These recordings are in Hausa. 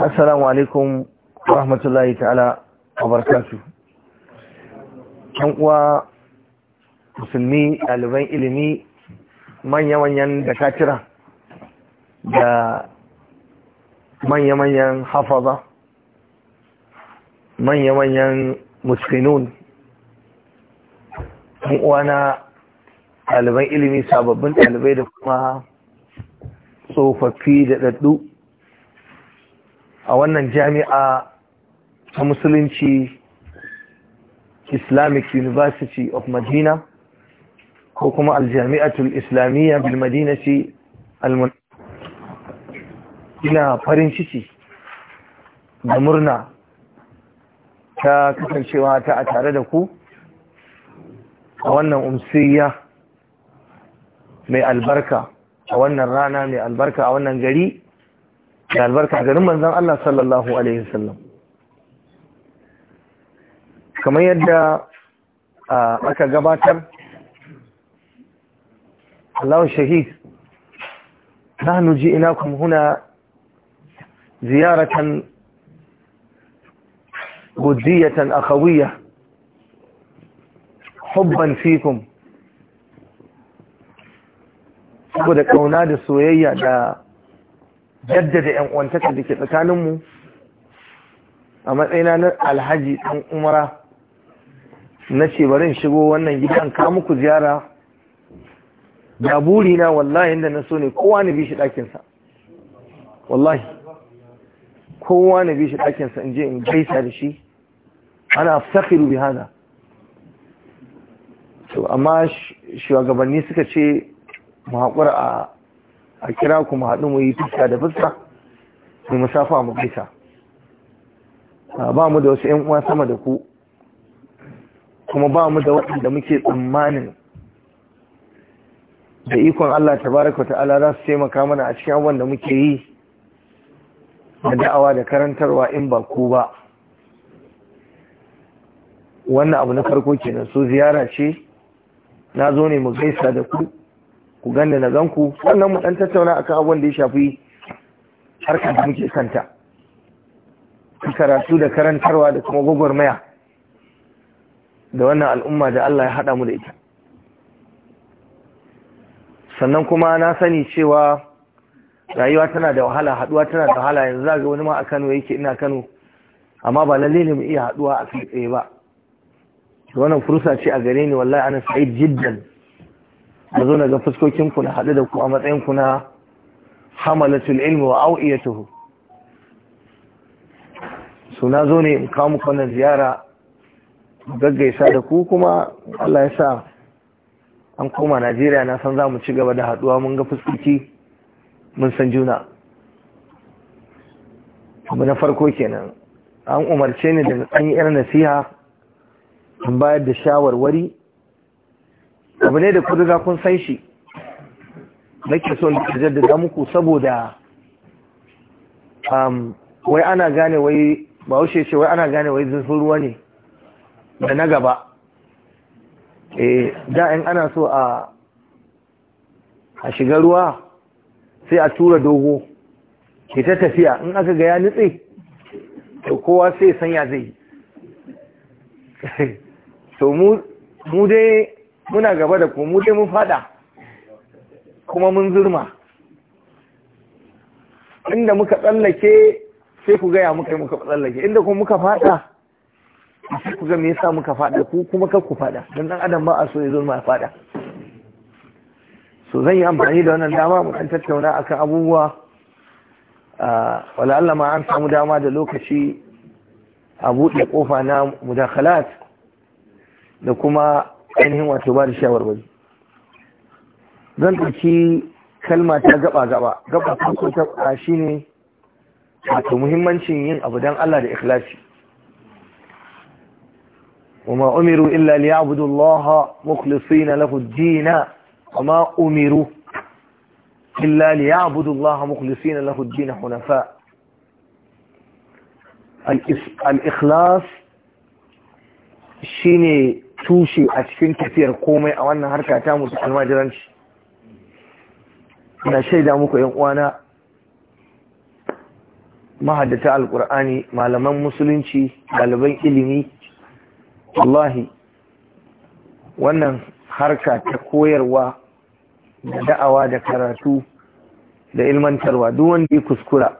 assalamu alaikum rahmatullahi ta'ala wa barakatu uwa musulmi ɗaliban ilimi manya-manyan da katira da manya-manyan hafaza manya-manyan muskinun uwa na ɗaliban ilimi sababbin ɗalibai da kuma tsofaffi da ɗaɗɗu a wannan jami'a ta musulunci islamic university of madina ko kuma aljami'atul islamiyya bil madinati ina farin ciki da murna ta kasancewa ta a tare da ku a wannan umsiyya mai albarka a wannan rana mai albarka a wannan gari da albarka garin manzan Allah sallallahu alaihi wasallam kamar yadda aka gabatar na shahid ina kuma huna ziyaratan ودية أخوية hubban fikun saboda kauna da soyayya da jaddada yan uwantaka da ke tsakaninmu a matsayina na alhaji ɗan umara na ce bari in shigo wannan gidan ka muku ziyara da burina wallahi inda na so ne kowa na bi shi ɗakinsa wallahi kowa na bi shi ɗakinsa in je in gaisa da shi ana afsakiru bi hada amma shugabanni suka ce mu haƙura a a kira ku mu haɗu mu yi fuska da fuska mu musafa mu gaisa ah, ba mu da wasu ƴan uwa sama da ku kuma ba mu da waɗanda muke tsammanin da ikon Allah tabaraka ta'ala za su taimaka mana a cikin abubuwan da muke yi da da'awa da karantarwa in ba ku ba wannan abu na farko kenan su ziyara ce na zo ne mu gaisa da ku ku ganna na ganku sannan mu dan tattauna akan abubuwan da ya shafi harkar da muke kanta karatu da karantarwa da kuma gwagwarmaya da wannan al'umma da Allah ya hada mu da ita sannan kuma na sani cewa rayuwa tana da wahala haɗuwa tana da wahala yanzu za wani ma a Kano yake ina Kano amma ba lalle ne mu iya haɗuwa a kai tsaye ba wannan fursa ce a gare ni wallahi ana sa'id jiddan na zo na ga fuskokinku na haɗu da ku a matsayinku na hamalatul ilmi wa au'iyatuhu so na zo ne in kawo muku wannan ziyara gaggaisa da ku kuma Allah ya sa an koma Najeriya na san za mu ci gaba da haɗuwa mun ga fuskoki mun san juna abu na farko kenan an umarce ni da an 'yar nasiha in bayar da shawarwari abu ne da ku za kun san shi nake so da jaddada muku saboda um, wai ana gane wai ba haushe ce wai ana gane wai zurfin ruwa ne da na gaba eh da in ana so a a shiga ruwa sai a tura dogo ke ta tafiya in aka ga ya nutse to kowa sai sanya zai to mu dai muna gaba da ku mu dai mun fada kuma mun zurma inda muka tsallake sai ku gaya muka yi muka tsallake inda kuma muka fada sai ku ga me yasa muka fada ku kuma kar ku fada dan dan adam ba a so ya zurma ya fada so zan yi amfani da wannan dama mu dan tattauna akan abubuwa wala Allah ma an samu dama da lokaci a buɗe ƙofa na mudakhalat da kuma ainihin wato ba da shawarwari zan ɗauki kalma ta gaba gaba gaba farko ta a shine wato muhimmancin yin abu don Allah da ikhlasi وما أمروا إلا ليعبدوا الله مخلصين له الدين وما أمروا إلا ليعبدوا الله مخلصين له الدين حنفاء الإخلاص شيني tushe a cikin tafiyar komai a wannan harka ta musu almajiranci na shaida muku yan uwana mahaddata alkur'ani malaman musulunci ɗaliban ilimi wallahi wannan harka ta koyarwa da da'awa da karatu da ilmantarwa duk wanda ya kuskura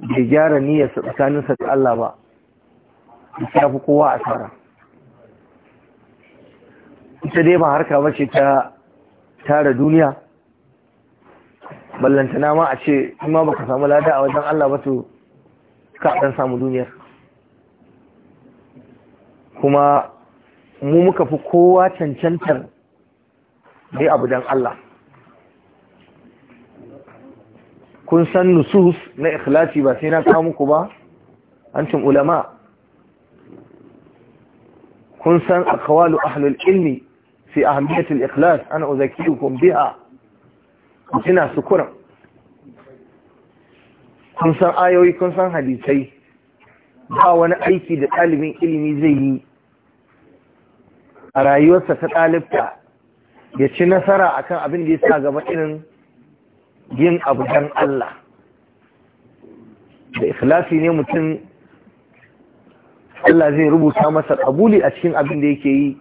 bai gyara niyyarsa tsakaninsa da Allah ba ya fi kowa asara ita dai ba harka ba ce ta tara duniya ballantana ma a ce in ma baka samu lada a wajen Allah ba to ka dan samu duniyar kuma mu muka fi kowa cancantar dai abu dan Allah kun san nusus na ikhlasi ba sai na kawo muku ba antum ulama kun san akawalu ahlul ilmi في أهمية الإخلاص أنا أذكركم بها كنا سكرا kun san ayoyi kun san hadisai ba wani aiki da ɗalibin ilimi zai yi a rayuwarsa ta ɗalibta ya ci nasara akan abin da ya sa gaba irin yin abu don Allah da ikhlasi ne mutum Allah zai rubuta masa ƙabuli a cikin abin da yake yi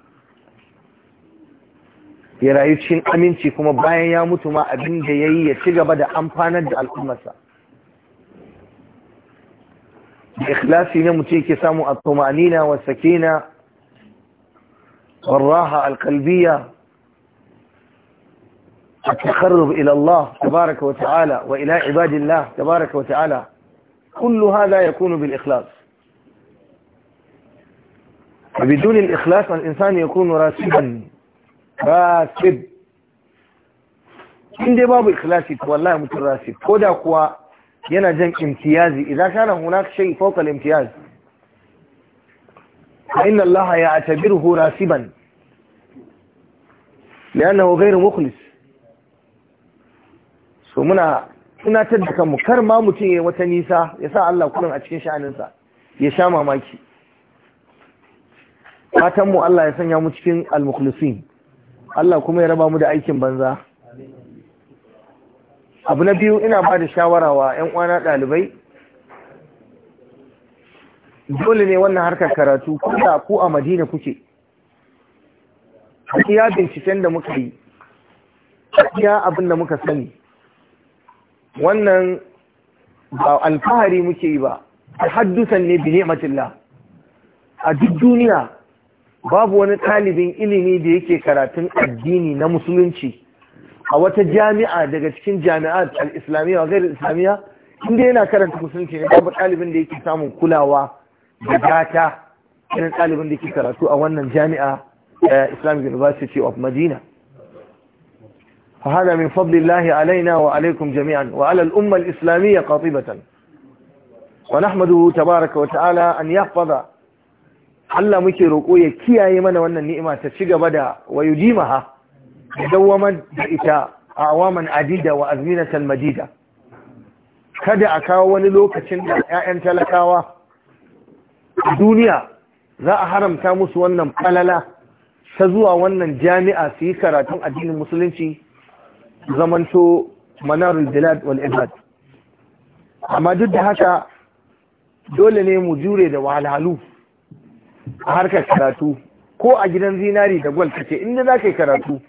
ya rayu cikin aminci kuma bayan ya mutu ma abin da ya yi ya ci gaba da amfanar da al'ummarsa da ikhlasi ne mutum yake samu a tumanina wa sakina al-kalbiya ila والراحة القلبية wa إلى الله تبارك وتعالى وإلى عباد الله تبارك وتعالى كل هذا يكون بالإخلاص فبدون الإخلاص الإنسان يكون راسبا rasib in dai babu ikhlasi to wallahi mutum rasid ko da kuwa yana jan imtiyazi idza kana hunaka shay fawqa al-imtiyaz fa inna allaha ya'tabiruhu rasiban لانه ghayru mukhlis so muna ina tada kanmu kar ma mutum ya wata nisa ya sa Allah kullum a cikin sha'aninsa ya sha mamaki fatanmu Allah ya sanya mu cikin al-mukhlisin Allah kuma ya raba mu da aikin banza abu na biyu ina ba da shawara wa 'yan uwana ɗalibai dole ne wannan harkar karatu kusa ku a madina kuke iya binciken da muka yi iya abin da muka sani wannan ba alfahari muke yi ba haddusan ne bi matilla a duk duniya babu wani ɗalibin ilimi da yake karatun addini na musulunci a wata jami'a daga cikin jami'ar al-islamiyya wa gairar islamiyya inda yana karanta musulunci ne babu ɗalibin da yake samun kulawa da gata irin ɗalibin da yake karatu a wannan jami'a islamic university of madina فهذا من فضل الله علينا وعليكم جميعا وعلى الأمة الإسلامية قاطبة ونحمده تبارك وتعالى أن يحفظ Allah muke roƙo ya kiyaye mana wannan ni'ima ta ci gaba da wayujimaha da dawwamar da ita a awaman adida wa azminatan madida kada a kawo wani lokacin da 'ya'yan talakawa duniya za a haramta musu wannan falala ta zuwa wannan jami'a su yi karatun addinin musulunci zamanto manarul bilad wal ibad amma duk da haka dole ne mu jure da wahalhalu a harkar karatu ko a gidan zinari da gwal kake inda za ka yi karatu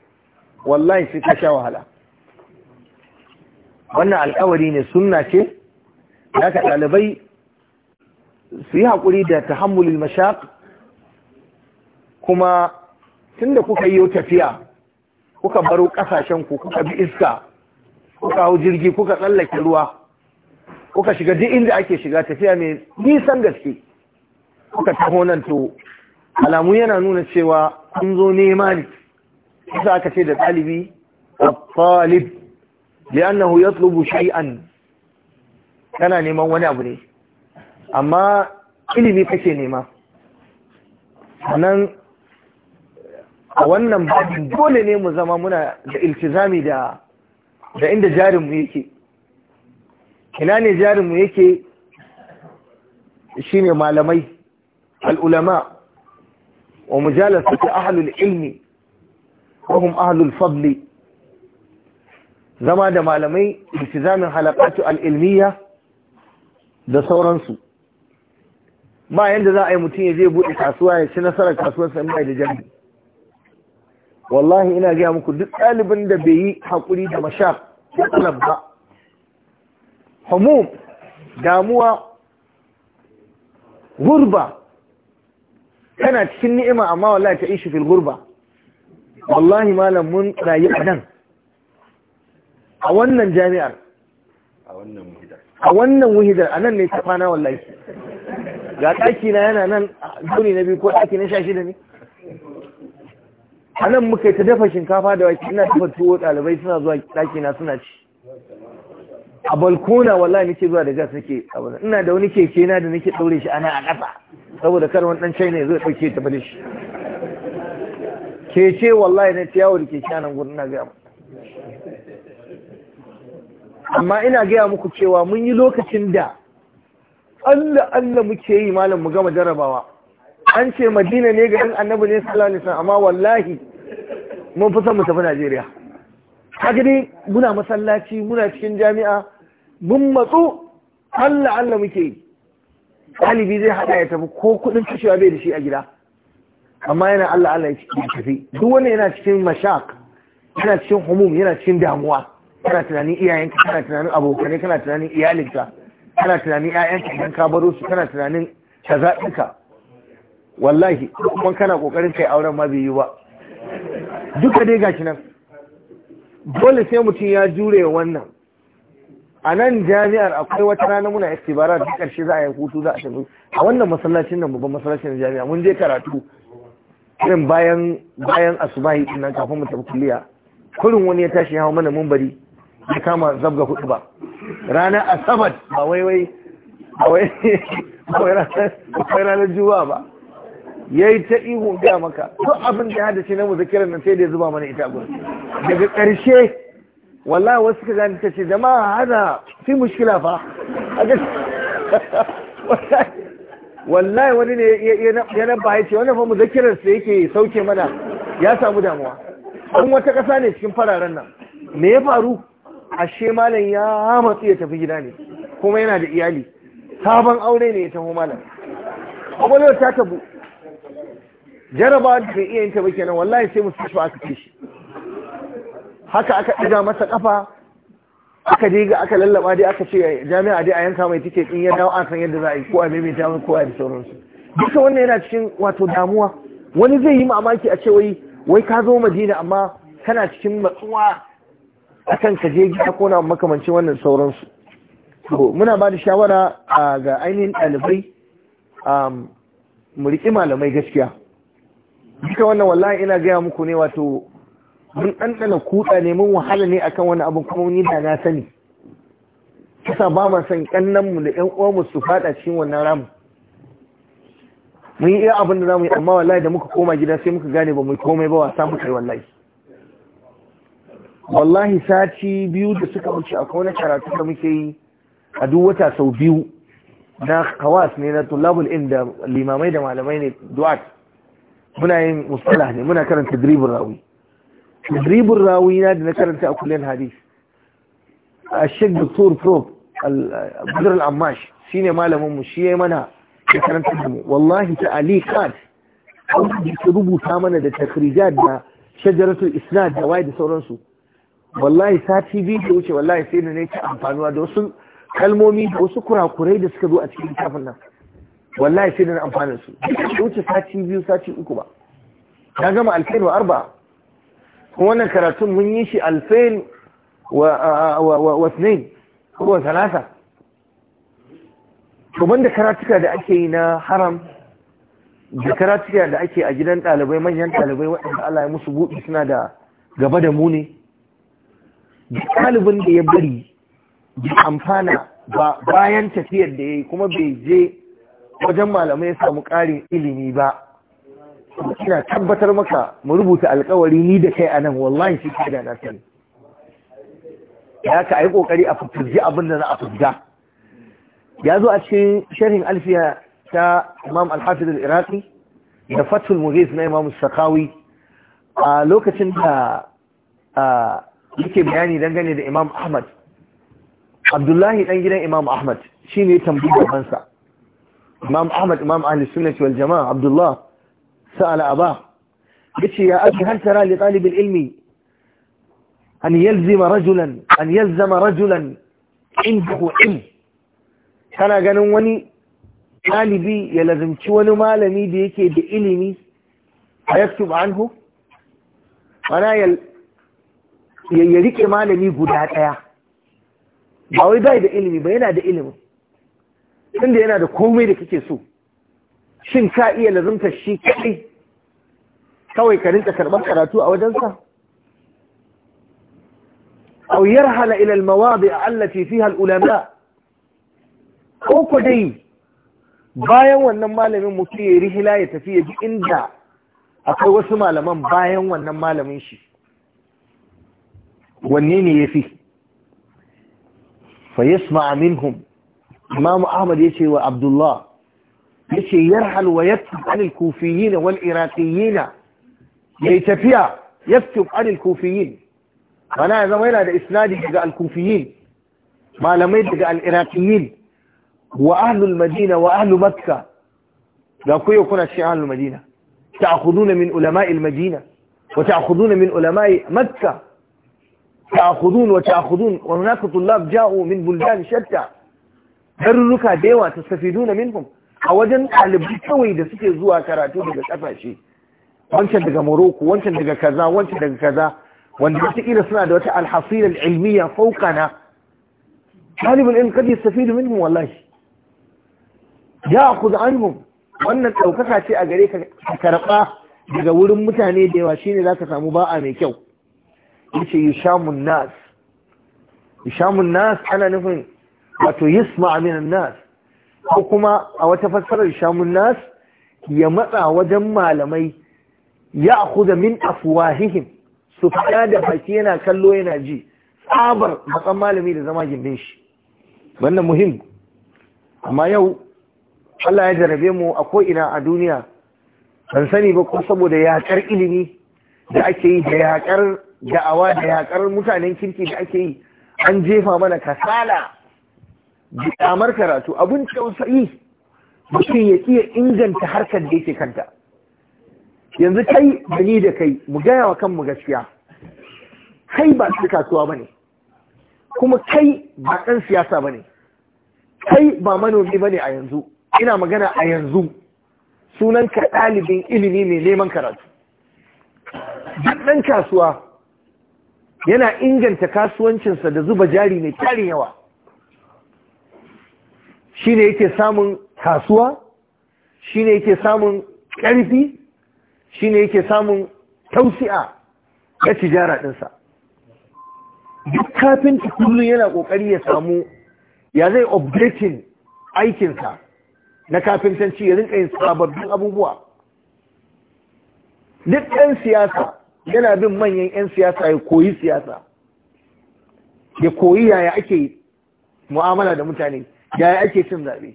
wallahi sai ka sha wahala wannan alkawari ne sunna ce ya ka ɗalibai su yi haƙuri da tahammulul mashaq kuma tun da kuka yi tafiya kuka baro ƙasashenku kuka bi iska kuka hau jirgi kuka tsallake ruwa kuka shiga duk inda ake shiga tafiya mai nisan gaske suka taho nan to alamu yana nuna cewa kun zo nema ne isa aka ce da ɗalibi a talib li'annahu yatlubu shay'an kana neman wani abu ne amma ilimi kake nema sannan a wannan babin dole ne mu zama muna da iltizami da da inda jarinmu yake ina ne jarinmu yake shine malamai العلماء ومجالسة أهل العلم وهم أهل الفضل zama da malamai iltizamin halakatu al'ilmiya da sauransu ba yadda za a yi mutum ya zai buɗe kasuwa ya ci nasarar kasuwar sa mai da jami wallahi ina gaya muku duk ɗalibin da bai yi haƙuri da mashar ya talab hamum damuwa gurba kana cikin ni'ima amma wallahi ta ishi fil gurba wallahi malam mun rayu a nan a wannan jami'ar a wannan wuhidar a nan ne ta fana wallahi ga ɗaki na yana nan duni na biyu ko ɗaki na sha shida ne a nan muka yi ta dafa shinkafa da waki, ina dafa tuwo ɗalibai suna zuwa ɗaki na suna ci a balkona wallahi nake zuwa da gas nake abu ina da wani keke na da nake ɗaure shi ana a ƙasa saboda karwan dan china zai dauke ta bale shi kece wallahi na ciyawo da keke nan gurin na gaya amma ina gaya muku cewa mun yi lokacin da Allah Allah muke yi malam mu gama jarabawa an ce madina ne ga annabi ne sallallahu alaihi wasallam amma wallahi mun fi son mu tafi Najeriya kaga dai muna masallaci muna cikin jami'a mun matsu Allah Allah muke yi ɗalibi zai haɗa ya tafi ko kuɗin kashewa bai da shi a gida amma yana Allah Allah ya tafi duk wanda yana cikin mashak yana cikin humum yana cikin damuwa kana tunanin iyayenka kana tunanin abokanai kana tunanin ka kana tunanin 'ya'yanka idan ka baro su kana tunanin kaza ɗinka wallahi kuma kana kokarin kai auren ma bai yi ba duka dai gashi nan dole sai mutum ya jure wannan a nan jami'ar akwai wata rana muna istibara da karshe za a yi hutu za a tafi a wannan masallacin nan babban masallacin jami'a mun je karatu irin bayan bayan asubahi din nan kafin mu tafi kulliya kurin wani ya tashi hawa mana mumbari ya kama zabga hudu ba ranar asabar ba wai wai ba wai rana juwa ba ya yi ta ihu gaya maka to abin da ya hada shi na muzakirar nan sai da ya zuba mana ita gudu daga ƙarshe wallahi wasu ka gani ta ce jama'a hada fi mushkila fa wallahi wani ne ya nabba ya ce wani fa muzakirar sa yake sauke mana ya samu damuwa an wata ƙasa ne cikin fararen nan me ya faru ashe malam ya matsi ya tafi gida ne kuma yana da iyali sabon aure ne ya taho malam kwakwalwar ta tabu jarabawa da ke iya yin ta kenan wallahi sai musu aka ce shi haka aka ɗiga masa ƙafa aka diga aka lallaba dai aka ce jami'a dai a yanka mai tike in ya dawo an san yadda za a yi ko a mai mai ko a da sauransu duka wannan yana cikin wato damuwa wani zai yi mamaki a ce wai wai ka zo madina amma kana cikin matsuwa akan ka je gida ko na makamancin wannan sauransu to muna ba da shawara ga ainihin ɗalibai mu riƙi malamai gaskiya duka wannan wallahi ina gaya muku ne wato mun ɗanɗana kuɗa ne mun wahala ne akan wani abin kuma mun da na sani Kusa ba ma san ƙannanmu da ƴan uwanmu su faɗa cikin wannan ramu mun yi iya abin da za mu yi amma wallahi da muka koma gida sai muka gane ba mu komai ba wasa muka yi wallahi wallahi sati biyu da suka wuce a wani karatu da muke yi a duk wata sau biyu na kawas ne na tulabul in da limamai da malamai ne du'at muna yin musala ne muna karanta dribin rawi ribin rawina da na karanta a kullum hadis a shek doktor prof al Amash shine ammash mu shi ya mana ya karanta mu wallahi ta alikat an ta rubuta mana da takrijat da shajaratul isnad da waye da sauransu wallahi sati biyu da wuce wallahi sai na ne ta amfanuwa da wasu kalmomi da wasu kurakurai da suka zo a cikin littafin nan wallahi sai na amfana su da wuce sati biyu sati uku ba na gama alkhair wa arba'a kuma wannan karatun mun yi shi alfain wa ko wa kuban da karatuka da ake yi na haram da karatuka da ake a gidan ɗalibai manyan ɗalibai waɗanda Allah ya musu buɗe suna da gaba da mu ne ɗalibin da ya bari ya amfana bayan tafiyar da ya yi kuma bai je wajen malamai ya samu ƙarin ilimi ba ina tabbatar maka mu rubuta alkawari ni da kai anan wallahi shi kai da na sani ya ka yi kokari a fitirji abin da za a ya zo a cikin sharhin alfiya ta imam al-hafiz al-iraqi da fathul mughis na imam sakawi a lokacin da yake bayani dangane da imam ahmad abdullahi dan gidan imam ahmad shine tambayar bansa imam ahmad imam ahli sunnah wal jamaa abdullah سأل أباه بشي يا أبي هل ترى لطالب العلم أن يلزم رجلا أن يلزم رجلا عنده علم kana ganin wani ɗalibi ya lazimci wani malami da yake da ilimi a yaktub anhu mana ya rike malami guda ɗaya ba wai bai da ilimi ba yana da ilimin tunda yana da komai da kake so shin ka iya lazimta shi kaɗai kawai ka rinka karɓar karatu a wajensa hala ilal ila a allati fiha alulama ko ko dai bayan wannan malamin mutum ya rihila ya tafi ya ji inda akwai wasu malaman bayan wannan malamin shi wanne ne yafi fa yasma minhum imam ahmad yace wa abdullah yace yarhal wa yattab an al wal iraqiyyin يتفيا يكتب عن الكوفيين أنا إذا ما هذا اسناد إلى الكوفيين ما لم يدق العراقيين وأهل المدينة وأهل مكة لا يكون الشيء أهل المدينة تأخذون من علماء المدينة وتأخذون من علماء مكة تأخذون وتأخذون وهناك طلاب جاءوا من بلدان شتى درنك ديوان تستفيدون منهم أولا على بيتوي دسكي زوا كراتو دسكي wancan daga Morocco wancan daga kaza wancan daga kaza wanda wataƙila suna da wata alhasilar ilmiya na. talibin ilm kadi safidu minhum wallahi ya ku da anhum wannan ɗaukaka ce a gare ka karɓa daga wurin mutane da yawa shine za ka samu ba'a mai kyau yace yushamun nas yushamun nas ana nufin wato yisma nas ko kuma a wata fassarar yushamun nas ya matsa wajen malamai ya akuza min afwahihim su fada da baki yana kallo yana ji tsabar matsan malami da zama gindin shi wannan muhim amma yau Allah ya jarabe mu a ko'ina a duniya ban sani ba ko saboda yaƙar ilimi da ake yi da yaƙar da'awa da yaƙar mutanen kirki da ake yi an jefa mana kasala da karatu abin tausayi mutum ya iya inganta harkar da yake kanta yanzu kai da ni da kai mu gaya wa kanmu gaskiya kai ba ɗan kasuwa ba ne kuma kai ba ɗan siyasa ba ne kai ba manomi ba ne a yanzu ina magana a yanzu sunanka ɗalibin ilimi mai neman karatu duk ɗan kasuwa yana inganta kasuwancinsa da zuba jari mai tarin yawa shi ne yake samun kasuwa shi ne yake samun ƙarfi Shi ne yake samun tausi'a ga tijara ɗinsa duk kafinta kullum yana ƙoƙari ya samu ya zai updating aikinsa na kafintanci ya rinka yin sababbin abubuwa duk ɗan siyasa yana bin manyan 'yan siyasa ya koyi siyasa ya koyi yaya ake mu'amala da mutane yaya ake cin zaɓe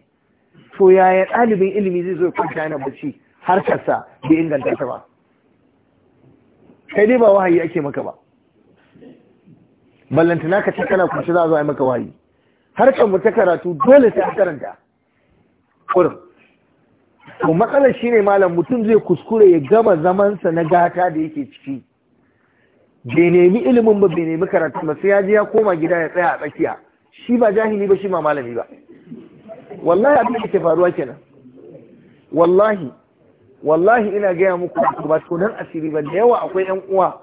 To yaya ɗalibin ilimi zai zo ya kwanta yana bacci harkarsa bai inganta ta ba kai dai ba wahayi ake maka ba ballantana ka ce kana kunshi za a zo a yi maka wahayi harkar mu ta karatu dole sai an karanta kurin to matsalar shine malam mutum zai kuskure ya gama zamansa na gata da yake ciki bai nemi ilimin ba bai nemi karatu ba sai ya je ya koma gida ya tsaya a tsakiya shi ba jahili ba shi ma malami ba wallahi abin da ke faruwa kenan wallahi wallahi ina gaya muku ba tunan asiri ba da yawa akwai yan uwa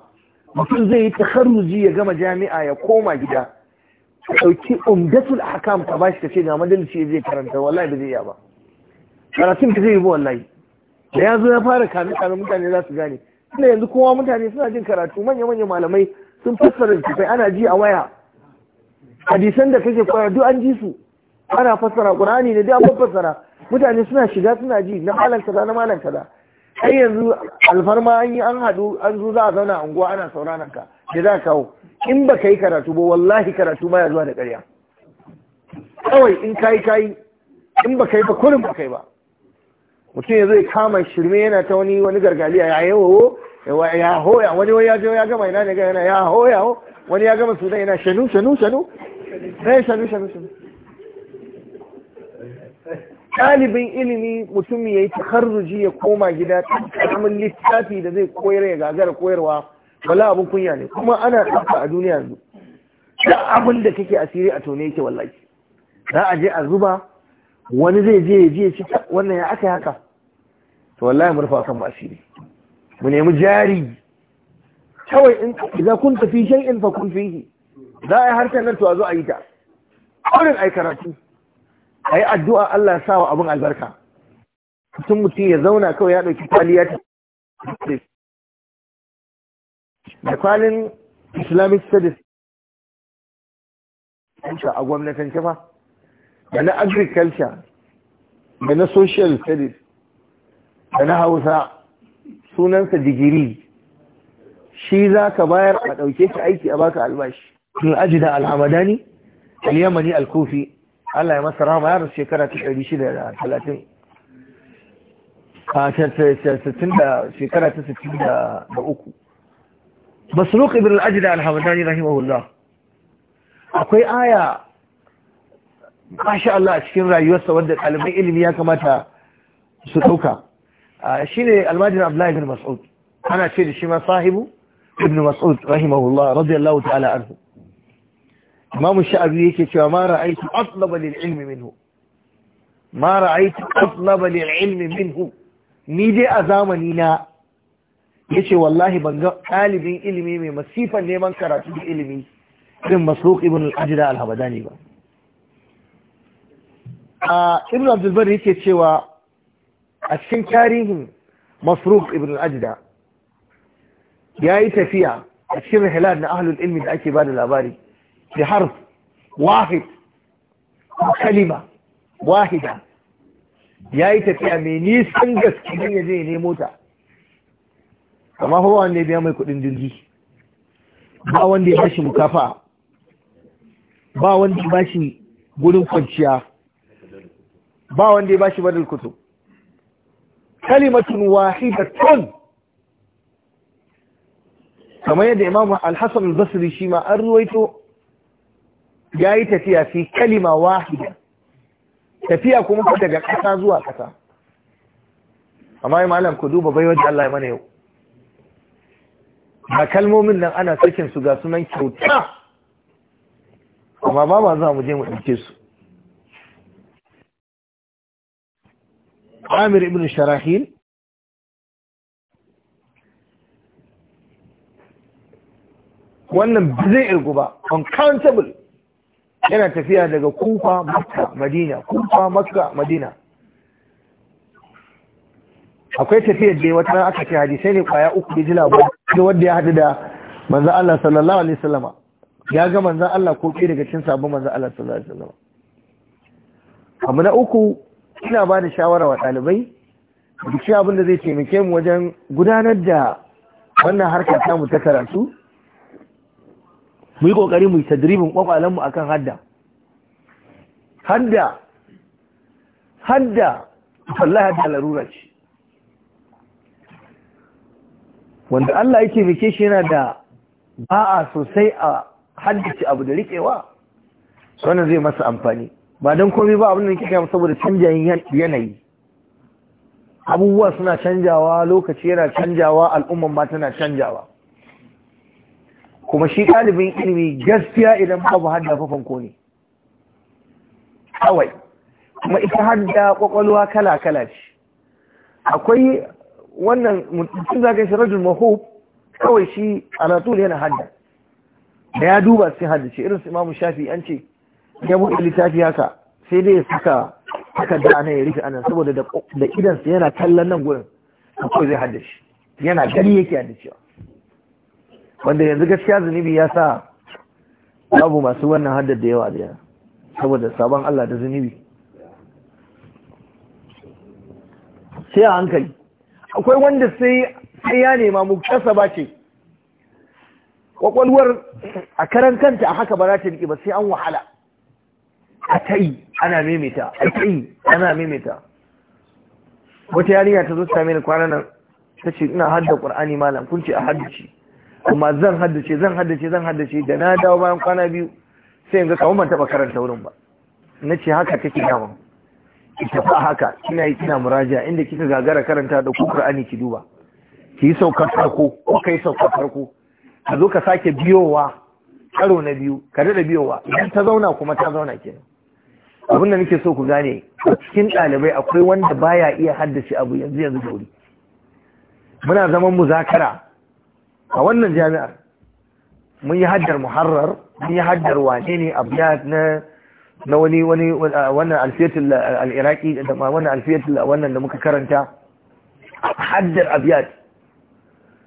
mutum zai yi takarruji ya gama jami'a ya koma gida ka ɗauki umdatul ahkam ka bashi ka ce ga madalci zai karanta wallahi ba zai iya ba karatun ka zai yi ba wallahi da ya zo ya fara kame kame mutane za su gane tunda yanzu kowa mutane suna jin karatu manya manya malamai sun fassara littattafai ana ji a waya hadisan da kake koya duk an ji su ana fassara qur'ani ne duk an fassara mutane suna shiga suna ji na halin kaza na malam kaza har yanzu alfarma an yi an haɗu an zo za a zauna a unguwa ana sauraron ka da za kawo in ba ka yi karatu ba wallahi karatu ya zuwa da ƙarya kawai in kayi kayi in ba ka yi, ba kurin ba yi ba mutum ya zai kama shirme yana ta wani wani gargaliya ya yi wawo ya hoya wani wani ya je ya gama ina ne ga yana ya hoya wani ya gama suna yana shanu shanu shanu eh, shanu shanu shanu ɗalibin ilimi mutum ya yi takarruji ya koma gida samun littafi da zai koyar ya gagara koyarwa wala abin kunya ne kuma ana ɗauka a duniya yanzu da abin da kake asiri a tone yake wallahi za a je a zuba wani zai je ya je ci wannan ya aka haka to wallahi mu rufa kan mu asiri mu nemi jari kawai in idan kun tafi shay'in fa kun fihi za a yi harkar nan to a zo a yi ta aurin ai karatu a yi addu'a Allah sa wa abin albarka mutum mutum ya zauna kawai ya ɗauki kwali ya da kwalin islamic studies a gwamnatance fa da na agriculture da na social studies da na hausa sunansa digiri shi za ka bayar a ɗauke shi aiki a baka albashi sun aji da alhamadani al-yamani al-kufi Allah ya masa rahama ya shekara ta ɗari shida da talatin ah, a sittin da shekara ta sittin da uku masruq ibn al-ajda al-hamdani rahimahullah akwai aya masha Allah cikin rayuwarsa wadda ɗaliban ilimi ya kamata su ɗauka ah, shine almajin Abdullahi ibn Mas'ud ana ce da shi ma sahibu ibn Mas'ud rahimahullah radiyallahu ta'ala anhu imamu sha'abi yake cewa ma ra'aytu atlaba lil ilmi minhu ma ra'aytu lil ilmi minhu ni dai a zamani na yace wallahi ban ga ɗalibin ilimi mai masifan neman karatu da ilimi irin masruq ibn al-ajda al-habadani ba a ibn abdul bari yake cewa a cikin tarihin masruq ibn al-ajda yayi tafiya a cikin rihlad na ahlul ilmi da ake bada labari بحرف واحد كلمة واحدة ya yi tafiya mai nisan gaske don ya je ya kuma wanda ya biya mai kudin jirgi ba wanda ya bashi mukafa ba wanda ya bashi gudun kwanciya ba wanda ya bashi badal kutu kalimatun wahidatun kamar yadda imamu al-hasan al-basri shi an ruwaito ya yi tafiya fi kalima wahida tafiya kuma daga ƙasa zuwa kasa amma yi malam ku duba bai wajen Allah ya mana yau ba kalmomin nan ana sakin su ga sunan kyauta amma ba ba za mu je mu ɗauke su Amir ibn Sharahil wannan zai irgu ba uncountable yana tafiya daga kufa makka madina kufa makka madina akwai tafiyar da wata ran aka ce hadisai ne kwaya uku da jila ba wanda ya hadu da manzan Allah sallallahu alaihi wasallama ya ga manzan Allah ko ke daga cikin sabon manzan Allah sallallahu alaihi wasallama abu na uku ina ba da shawara wa ɗalibai duk abin da zai taimake mu wajen gudanar da wannan harkar tamu ta karatu mu yi kokari mu yi tadribin kwakwalen mu akan hadda hadda hadda wallahi hadda larura ce wanda Allah yake mike shi yana da ba'a sosai a haddace abu da riƙewa wannan zai masa amfani ba don komai ba abin da yake kai saboda canjayin yanayi abubuwa suna canjawa lokaci yana canjawa al'umma ma tana canjawa kuma shi ɗalibin ilimi gaskiya idan babu hadda kafan ko ne kawai kuma ita hadda kwakwalwa kala-kala ce akwai wannan mutum zagaye shi rajul mahub kawai shi anatul yana hadda da ya duba sai hadda ce irin su imamu shafi an ce ya buɗe littafi haka sai dai ya saka takarda ana ya rufe anan saboda da idansa yana kallon nan gurin akwai zai shi, yana gari yake cewa. wanda yanzu gaskiya zunubi ya sa babu masu wannan haddar da yawa da saboda sabon Allah da zunubi sai a hankali akwai wanda sai ya nema mu kasa ba ce kwakwalwar a karan kanta a haka ba za ta riƙe ba sai an wahala a ta yi ana maimaita a ta yi ana maimaita wata yarinya ta zo ta mini kwanan nan ta ce ina hadda ƙwar'ani malam kun ce a haddace kuma zan haddace zan haddace zan haddace da na dawo bayan kwana biyu sai yanzu kawo ban taɓa karanta wurin ba na ce haka take daman ki tafi haka kina yi kina muraja inda kika gagara karanta da ku Kur'ani ki duba ki yi saukar farko ko kai saukar farko ka zo ka sake biyowa karo na biyu ka dada biyowa idan ta zauna kuma ta zauna kenan abin da nake so ku gane a cikin ɗalibai akwai wanda baya iya haddace abu yanzu yanzu da wuri muna zaman muzakara a wannan jami'ar mun yi haddar muharrar mun yi haddar wane ne abu na na wani wani wannan alfiyatul al-iraqi da wannan alfiyatul wannan da muka karanta haddar abiyat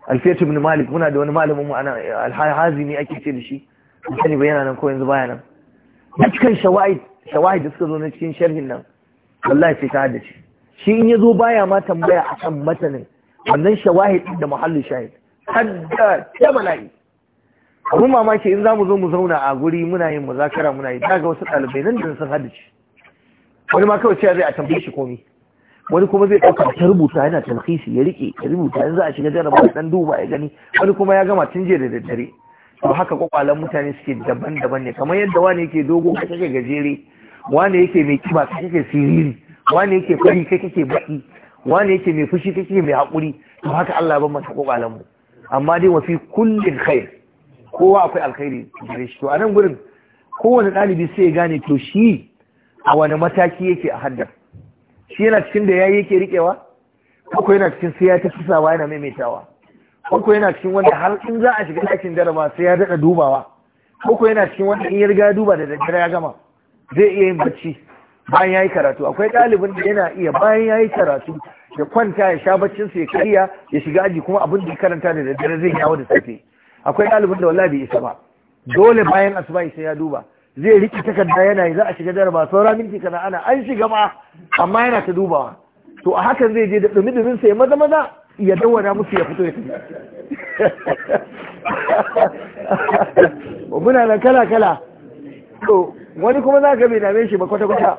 alfiyatul ibn malik muna da wani malamin mu ana al ake ce da shi sani ba yana nan ko yanzu baya nan dukkan shawahid shawahid da suka zo na cikin sharhin nan wallahi sai ta haddace shi in yazo baya ma tambaya akan matanin wannan shawahid da muhallu shahid hadda ta bala'i abin mamaki in za mu zo mu zauna a guri muna yin muzakara muna yi daga wasu ɗalibai nan da sun haddace wani ma kawai cewa zai a tambayi shi komai. wani kuma zai ɗauka ta rubuta yana talhisi ya riƙe ya rubuta yanzu a shiga jarabawa ɗan duba ya gani wani kuma ya gama tun jiya da daddare to haka kwakwalen mutane suke daban-daban ne kamar yadda wani yake dogo ka kake gajere wani yake mai kiba ka kake siriri wani yake fari ka kake baki wani yake mai fushi kake mai haƙuri to haka Allah ya bambanta kwakwalen mu amma dai wafi kullin kai, kowa akwai alkhairi gare shi to a nan gurin kowane ɗalibi sai ya gane to shi a wani mataki yake a haddar shi yana cikin da yayi yake rikewa ko yana cikin sai ya tafi sawa yana maimaitawa ko yana cikin wanda har in za a shiga ɗakin jaraba sai ya daɗa dubawa ko yana cikin wanda in ya riga duba da daddare ya gama zai iya yin bacci bayan ya yi karatu akwai ɗalibin da yana iya bayan ya yi karatu ya kwanta ya sha baccin sa ya kariya ya shiga aji kuma abin da ya karanta da daddare zai yawo da safe akwai ɗalibin da wallahi bai isa ba dole bayan asuba sai ya duba zai riƙe takarda yana yi za a shiga jaraba saura minti kana ana an shiga ba amma yana ta dubawa to a hakan zai je da dumi dumin sa ya maza maza ya dawwana musu ya fito ya tafi muna nan kala kala to wani kuma za ka bai dame shi ba kwata kwata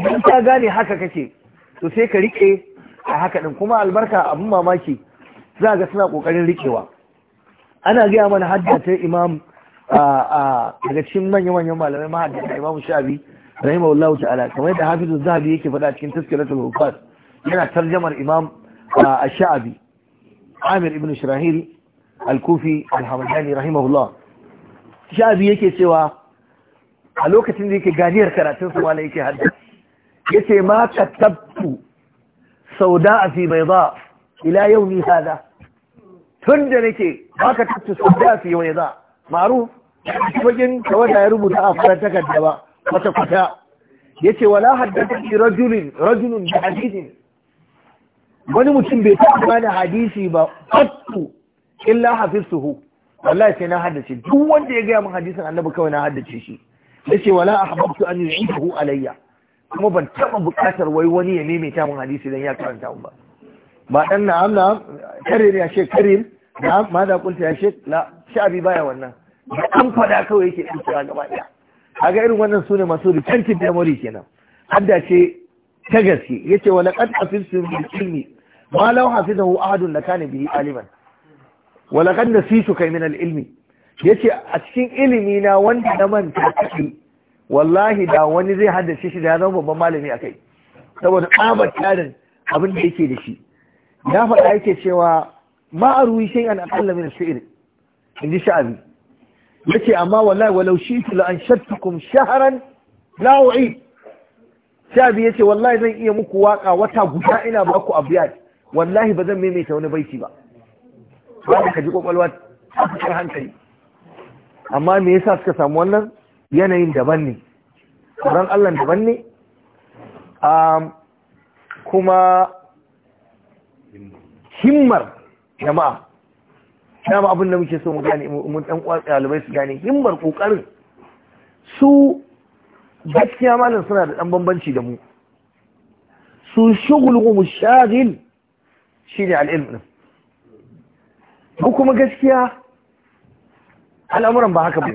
idan ka gane haka kake to sai ka rike a haka din kuma albarka abin mamaki za ga suna kokarin rikewa ana gaya mana haddata imam daga cikin manya-manyan malamai mahaddata imam shabi rahimahullahu ta'ala kamar yadda hafizu zahabi yake faɗa cikin tazkiratul hufaz yana tarjamar imam ash shaabi amir ibn shirahil al-kufi al-hamadani rahimahullah sha'bi yake cewa a lokacin da yake ganiyar karatun su malai yake hadda yace ma kattab sauda fi bayda ila yawmi hada tun da nake baka tattu sauda fi bayda ma'ruf cikin tawada ya rubuta a farar takarda ba wata kwata yace wala haddatha rajulin rajulun bi hadithin wani mutum bai taɓa bani hadisi ba fattu illa hafiztuhu wallahi sai na haddace duk wanda ya gaya min hadisin annabi kawai na haddace shi yace wala ahbabtu an yu'idahu alayya kuma ban taɓa buƙatar wai wani ya maimaita mun hadisi dan ya karanta mun ba ba dan na na'am karir ya shek karir da ma da kunta ya shek la sha'abi baya wannan da an faɗa kawai yake ɗan kira gaba daya kaga irin wannan sune masu retentive memory kenan hadda ce ta gaske yace wala qad hafiztu bil ilmi ma law hafizahu ahadun lakana bihi aliman wala qad nasitu kai min al ilmi yace a cikin ilimi na wanda na manta wallahi da wani zai haddace shi da ya zama babban malami a kai saboda tsabar tarin abin da yake da shi ya faɗa yake cewa ma a ruwi shai an aƙalla min shi'ir in ji sha'abi ya ce amma wallahi walau shi tula an shattukum shaharan la'o'i sha'abi ya ce wallahi zan iya muku waka wata guda ina ba ku abiyat wallahi ba zan maimaita wani baiti ba ba ka ji kwakwalwa ta fitar hankali amma me yasa suka samu wannan yanayin daban ne ran Allah daban ne kuma himmar jama'a dama abin da muke so mu gane mun dan ɗalibai su gane himmar ƙoƙarin su gaskiya malam suna da ɗan bambanci da mu su mu shagil shi ne al'ilmin kuma gaskiya al'amuran ba haka ba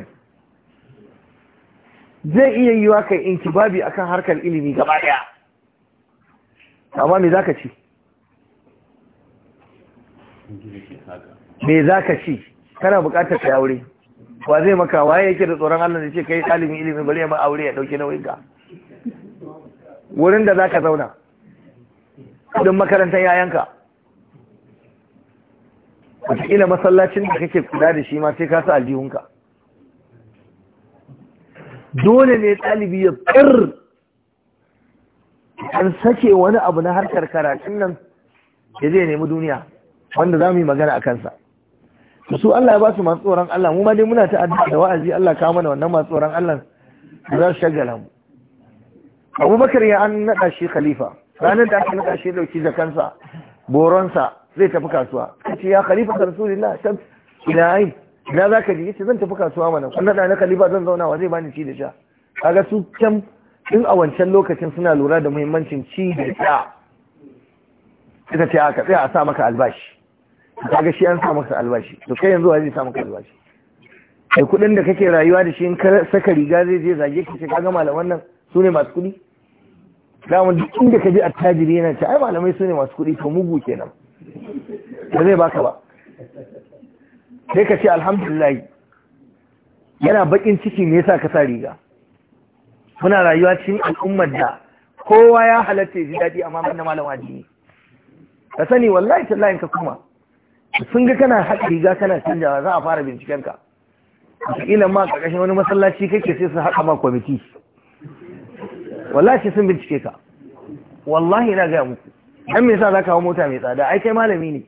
zai iya yiwa kai inkibabi akan harkar ilimi gaba ɗaya. amma me ka ci me ka ci kana bukatar ka aure wa zai maka waye yake da tsoron Allah da ce kai ɗalibin ilimi bari ya aure ya dauke nauyin ka wurin da za ka zauna kudin makarantar yayanka wataƙila masallacin da kake kula da shi ma sai ka sa aljihunka dole ne ɗalibi ya tsir an sake wani abu na harkar karatun nan ya zai nemi duniya wanda za mu yi magana a kansa su Allah ya ba su masu tsoron Allah mu ma dai muna ta'adda da wa'azi Allah kawo mana wannan masu tsoron Allah za su shagala mu Abubakar ya an naɗa shi khalifa ranar da aka naɗa shi dauki jakansa boronsa zai tafi kasuwa ya khalifa rasulillah ila ina za ka je yace zan tafi kasuwa mana kun da na kalifa zan zauna wa zai bani ci da sha kaga su can in a wancan lokacin suna lura da muhimmancin ci da sha ita ce haka tsaya a sa maka albashi kaga shi an sa maka albashi to kai yanzu wa zai sa maka albashi kai kudin da kake rayuwa da shi in ka saka riga zai je zage ki kaga malaman nan su ne masu kudi daman duk inda ka je attajiri yana ce ai malamai su ne masu kudi to mugu kenan ba zai baka ba sai ka ce alhamdulillah yana bakin ciki ne yasa ka sa riga muna rayuwa cikin al'ummar da kowa ya halatta ya ji daɗi amma ban da malam addini ka sani wallahi tallahi ka kuma sun ga kana haɗa riga kana canjawa za a fara binciken ka kila ma ƙarƙashin wani masallaci kake sai su haɗa ma kwamiti wallahi sun bincike ka wallahi na gaya muku dan me yasa za ka hawa mota mai tsada ai kai malami ne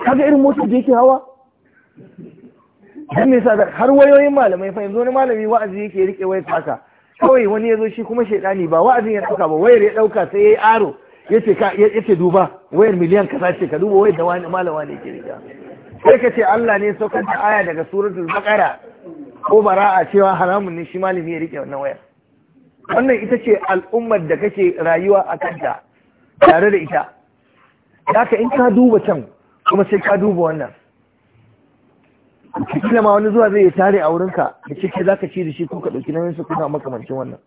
kaga irin mota da yake hawa dan me da har wayoyin malamai fa yanzu wani malami wa'azi yake rike wayar haka kawai wani ya zo shi kuma shaidani ba wa'azin ya dauka ba wayar ya dauka sai yayi aro yace ka yace duba wayar miliyan kaza ce ka duba wayar da wani malama ne yake rike sai ka ce Allah ne saukar da aya daga suratul baqara ko bara'a cewa haramun ne shi malami ya rike wannan wayar wannan ita ce al'ummar da kake rayuwa a kanta tare da ita haka in ka duba can kuma sai ka duba wannan kila ma wani zuwa zai yi tare a wurinka da cike za ka ci da shi ko ka ɗauki nauyin su kuna makamancin wannan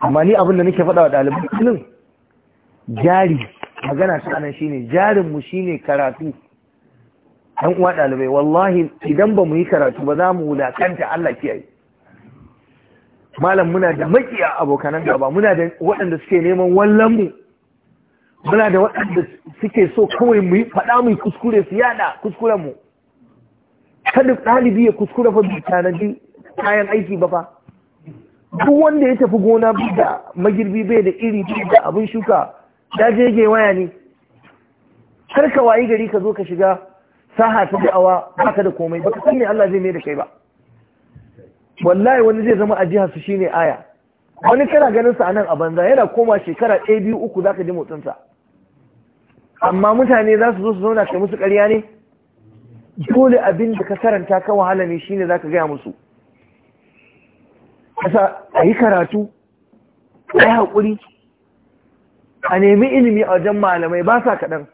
amma ni abinda nake faɗa wa ɗalibai kullum jari magana ta anan shine jarinmu mu shine karatu ɗan uwa ɗalibai wallahi idan ba mu yi karatu ba za mu wulakanta Allah kiyaye malam muna da makiya abokanan gaba muna da waɗanda suke neman wallan mu muna da waɗanda suke so kawai mu yi faɗa mu kuskure su yada kuskurenmu. mu kada ɗalibi ya kuskure fa na ji kayan aiki ba fa duk wanda ya tafi gona bi da magirbi bai da iri bi da abin shuka ya je waya ne kar ka wayi gari ka zo ka shiga saha ta da'awa ka da komai ka san me Allah zai mai da kai ba wallahi wani zai zama a jihar su shine aya wani kana ganin sa a nan a banza yana koma shekara ɗaya biyu uku zaka ji motsinsa amma mutane za su zo su zauna kai musu ƙarya ne dole abin da ka karanta ka wahala ne shine za ka gaya musu kasa a yi karatu a yi haƙuri a nemi ilimi a wajen malamai ba sa kaɗan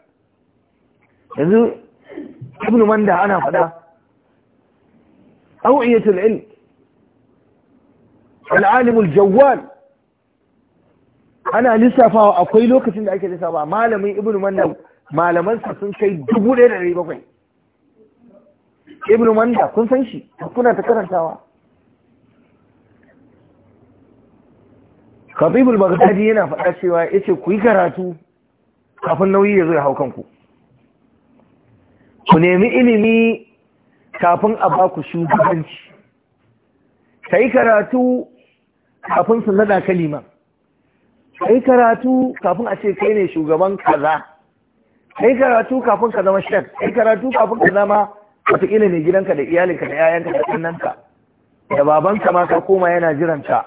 yanzu ibn da ana faɗa au'iyatul ilm al'alimul jawwal ana lissafawa akwai lokacin da ake lissafa malamin ibnu manda malamansa sun kai dubu ɗaya da bakwai ibnu manda kun san shi kuna ta karantawa khatibul baghdadi yana faɗa cewa yace ku yi karatu kafin nauyi ya zo ya hau kanku ku nemi ilimi kafin a ba ku shugabanci kai yi karatu kafin su nada kaliman. kai karatu kafin a ce kai ne shugaban kaza kai karatu kafin ka zama shek kai karatu kafin ka zama wataƙila ne gidanka da iyalinka da 'ya'yanka da sannanka da babanka ma ka koma yana jiranta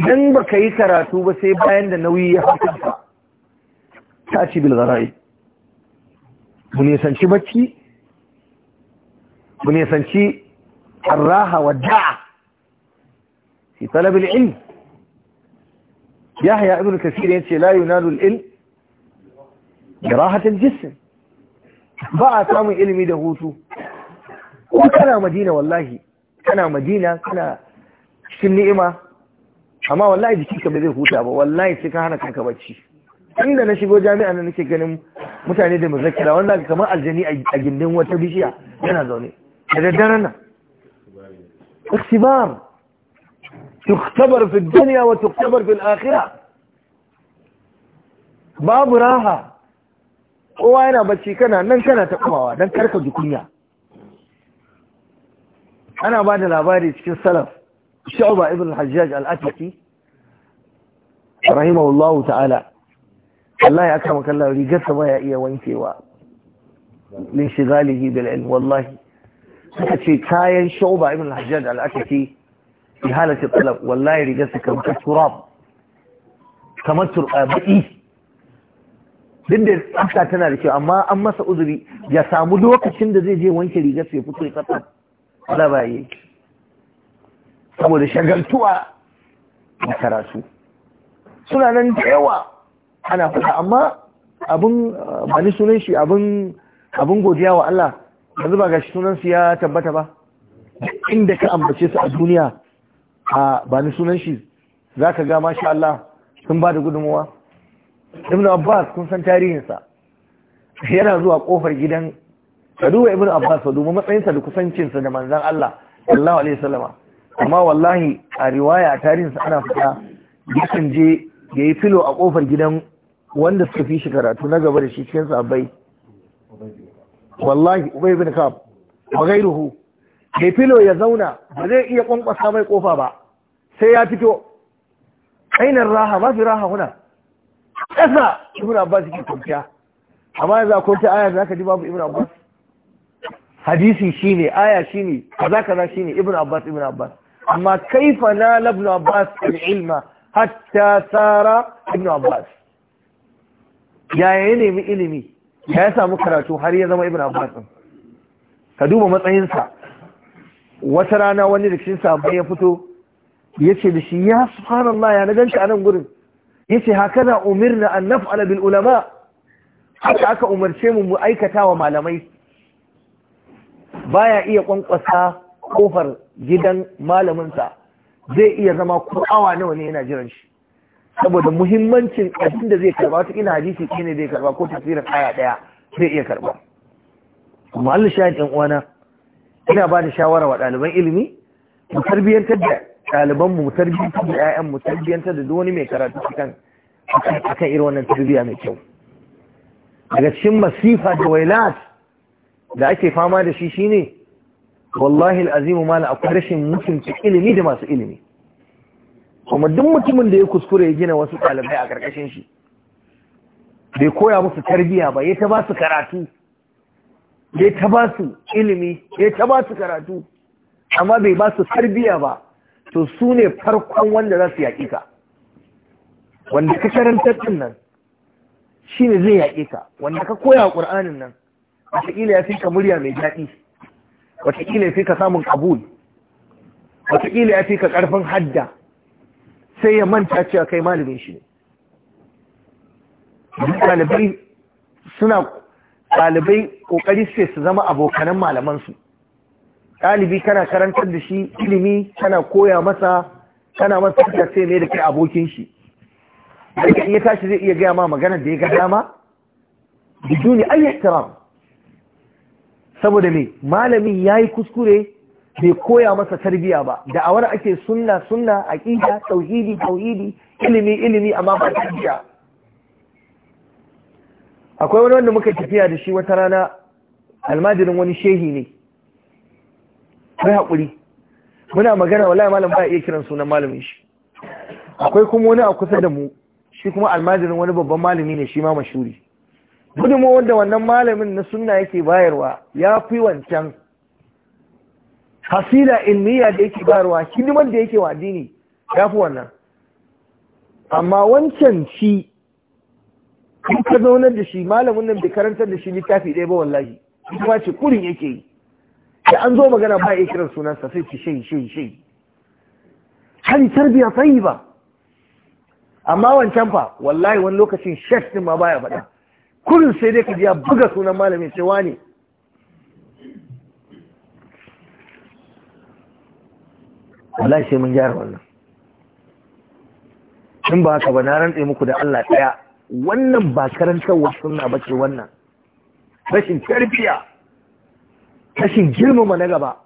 idan ba ka yi karatu ba sai bayan da nauyi ya kanka. ta ci bilgarai mu nisanci bacci mu nisanci arraha wa da'a fi talabil ilm yahya ibn kasir yace la yunalul ilm bi rahatil jism ba a samun ilimi da hutu ko kana madina wallahi kana madina kana cikin ni'ima amma wallahi jikinka ba zai huta ba wallahi sai ka hana kanka bacci inda na shigo jami'a na nake ganin mutane da muzakira wanda kamar aljani a gindin wata bishiya yana zaune da daddare nan ikhtibar تختبر في الدنيا وتختبر في الآخرة babu raha kowa yana bacci kana nan kana ta kumawa don karka jikunya ana ba da labari cikin salaf sha'uba ibn hajjaj al'atiki rahimahullahu ta'ala Allah ya kama kallon rigarsa ba ya iya wankewa min shigalihi bil ilm wallahi suka ce kayan sha'uba ibn hajjaj fi halati talab wallahi rigarsa kamar turab kamar turbaki din da tsafta tana da kyau amma an masa uzuri ya samu lokacin da zai je wanke rigar ya fito ya tsafta ala ba yi saboda shagaltuwa a karatu suna nan da yawa ana fata amma abin bani sunan shi abin abin godiya wa Allah yanzu ba gashi sunan su ya tabbata ba inda ka ambace su a duniya a ba ni sunan shi za ka ga masha Allah sun ba da gudunmuwa ibn abbas kun san tarihinsa yana zuwa kofar gidan kaduwa ibn abbas wa domin matsayinsa da kusancinsa da manzan Allah wa alaihi amma wallahi a riwaya a tarihinsa ana fada yakan je ya yi filo a kofar gidan wanda suka fi shi karatu na gaba da shi cikin sabai wallahi ubay ibn kab wa gairuhu ya filo ya zauna ba zai iya kwankwasa mai kofa ba sai ya fito ainihin raha ma fi raha huna ƙasa ibn abbas ke kwanciya amma yanzu akwai ta aya da aka ji babu ibn abbas hadisi shine aya shine kaza kaza shine ibn abbas ibn abbas amma kaifa na ibn abbas al-ilma hatta sara ibn abbas ya ya nemi ilimi ya samu karatu har ya zama ibn abbas ka duba matsayinsa wata rana wani rikin sa ya fito ya ce da shi ya subhanallah ya na ganka a nan gurin ya ce haka na umirna an naf'ala bil ulama haka aka umarce mu mu aikata wa malamai baya iya kwankwasa kofar gidan malaminsa zai iya zama ko awa nawa ne yana jiran shi saboda muhimmancin abin da zai karba ta ina hadisi ke ne zai karba ko tafsirin aya ɗaya zai iya karba amma Allah shahid ina ba da shawara wa ɗaliban ilimi mu tarbiyyantar da ɗaliban mu tarbiyyantar da ƴaƴan mu tarbiyyantar da wani mai karatu kan akan irin wannan tarbiyya mai kyau daga cikin masifa da wailat da ake fama da shi shine wallahi al'azimu mala akwai rashin mutunta ilimi da masu ilimi kuma duk mutumin da ya kuskure ya gina wasu ɗalibai a ƙarƙashin shi bai koya musu tarbiyya ba ya ta ba su karatu ya ta ba su ilimi ya ta ba su karatu amma bai ba su tarbiyya ba to su ne farkon wanda za su yaƙi ka wanda ka karantar ɗin nan shi ne zai yaƙi ka wanda ka koya wa ƙur'anin nan wataƙila ya fi ka murya mai daɗi wataƙila ya fi ka samun ƙabul wataƙila ya fi ka ƙarfin hadda sai ya manta cewa kai malamin shi ne ɗalibai suna ɗalibai ƙoƙari sai su zama abokanan malamansu ɗalibi kana karantar da shi ilimi kana koya masa kana masa ta sai mai da kai abokin shi daga iya tashi zai iya gaya ma magana da ya ga dama ne, ayi ihtiram saboda me malamin ya yi kuskure bai koya masa tarbiyya ba da awar ake sunna sunna ƙiƙa tauhidi tauhidi ilimi ilimi amma ba tarbiya akwai wani wanda muka tafiya da shi wata rana almajirin wani shehi ne mai haƙuri muna magana wallahi malam ba iya kiran sunan malamin shi akwai kuma wani a kusa da mu shi kuma almajirin wani babban malami ne shi ma mashuri gudunmu da wannan malamin na sunna yake bayarwa ya fi wancan hasila ilmiya da yake bayarwa hidimar da yake wa addini ya fi wannan amma wancan shi kuka ka zaunar da shi malamin nan bai karantar da shi littafi ɗaya ba wallahi kuma ce kurin yake yi da an zo magana ba ya kiran sunansa sai ki shai shai shai hali tarbiya tsayi ba amma wancan fa wallahi wani lokacin shek din ma baya faɗa kurin sai dai ka ji ya buga sunan malami sai wani wallahi sai mun gyara wannan in ba haka ba na rantse muku da Allah ɗaya wannan ba karantar sunna ba ce wannan rashin tarbiya rashin girmama na gaba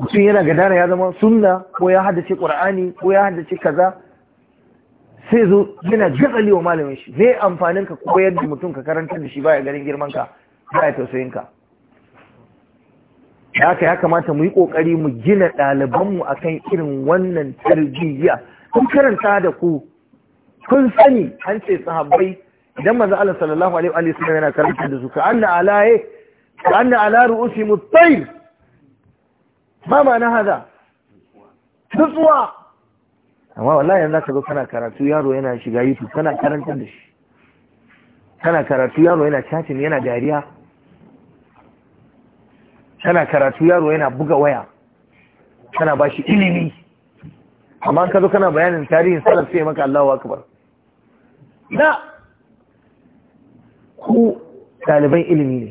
mutum yana gadara ya zama sunna ko ya haddace ƙur'ani ko ya haddace kaza sai zo yana gatsali wa malamin shi zai amfanin ka koyar da mutum ka karanta da shi baya ganin girman ka baya tausayin ka haka ya kamata mu yi kokari mu gina ɗaliban mu akan irin wannan tarbiyya kun karanta da ku kun sani an ce sahabbai idan manzo Allah sallallahu alaihi wa sallam yana karanta da su ka Allah alaye وأن على رؤوسهم الطير ما معنى هذا تسوى amma wallahi yanzu ka zo kana karatu yaro yana shiga YouTube kana karantar da shi kana karatu yaro yana chatting yana dariya kana karatu yaro yana buga waya kana ba shi ilimi amma ka zo kana bayanin tarihin salaf sai maka Allahu akbar da ku ɗaliban ilimi ne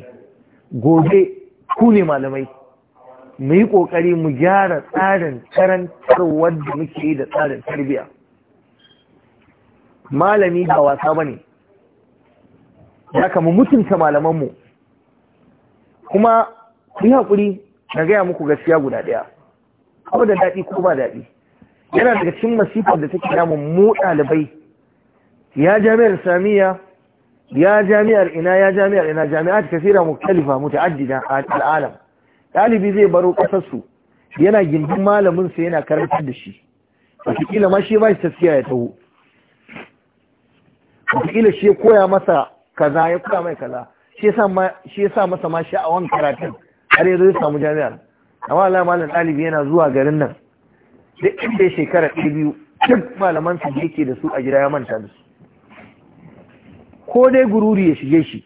gobe ku ne malamai mu yi ƙoƙari mu gyara tsarin karantarwar da muke yi da tsarin tarbiyya malami ba wasa ba ne ya kama mutunta malamanmu kuma kuyi yi haƙuri na gaya muku gaskiya guda ɗaya abu da daɗi ko ba daɗi yana daga cikin masifar da take damun mu ɗalibai ya jami'ar samiya ya jami'ar ina ya jami'ar ina jami'at kasira mukalifa muta'addida a al'ada. ɗalibi zai baro ƙasarsu yana gindin malamin yana karantar da shi wataƙila ma shi ba shi taskiya ya taho wataƙila shi koya masa kaza ya koya mai kaza shi ya sa masa ma sha'awan karatun har yanzu ya samu jami'ar amma Allah malam ɗalibi yana zuwa garin nan duk inda shekara ɗaya biyu duk malaman su yake da su a gida ya manta da su ko dai gururi ya shige shi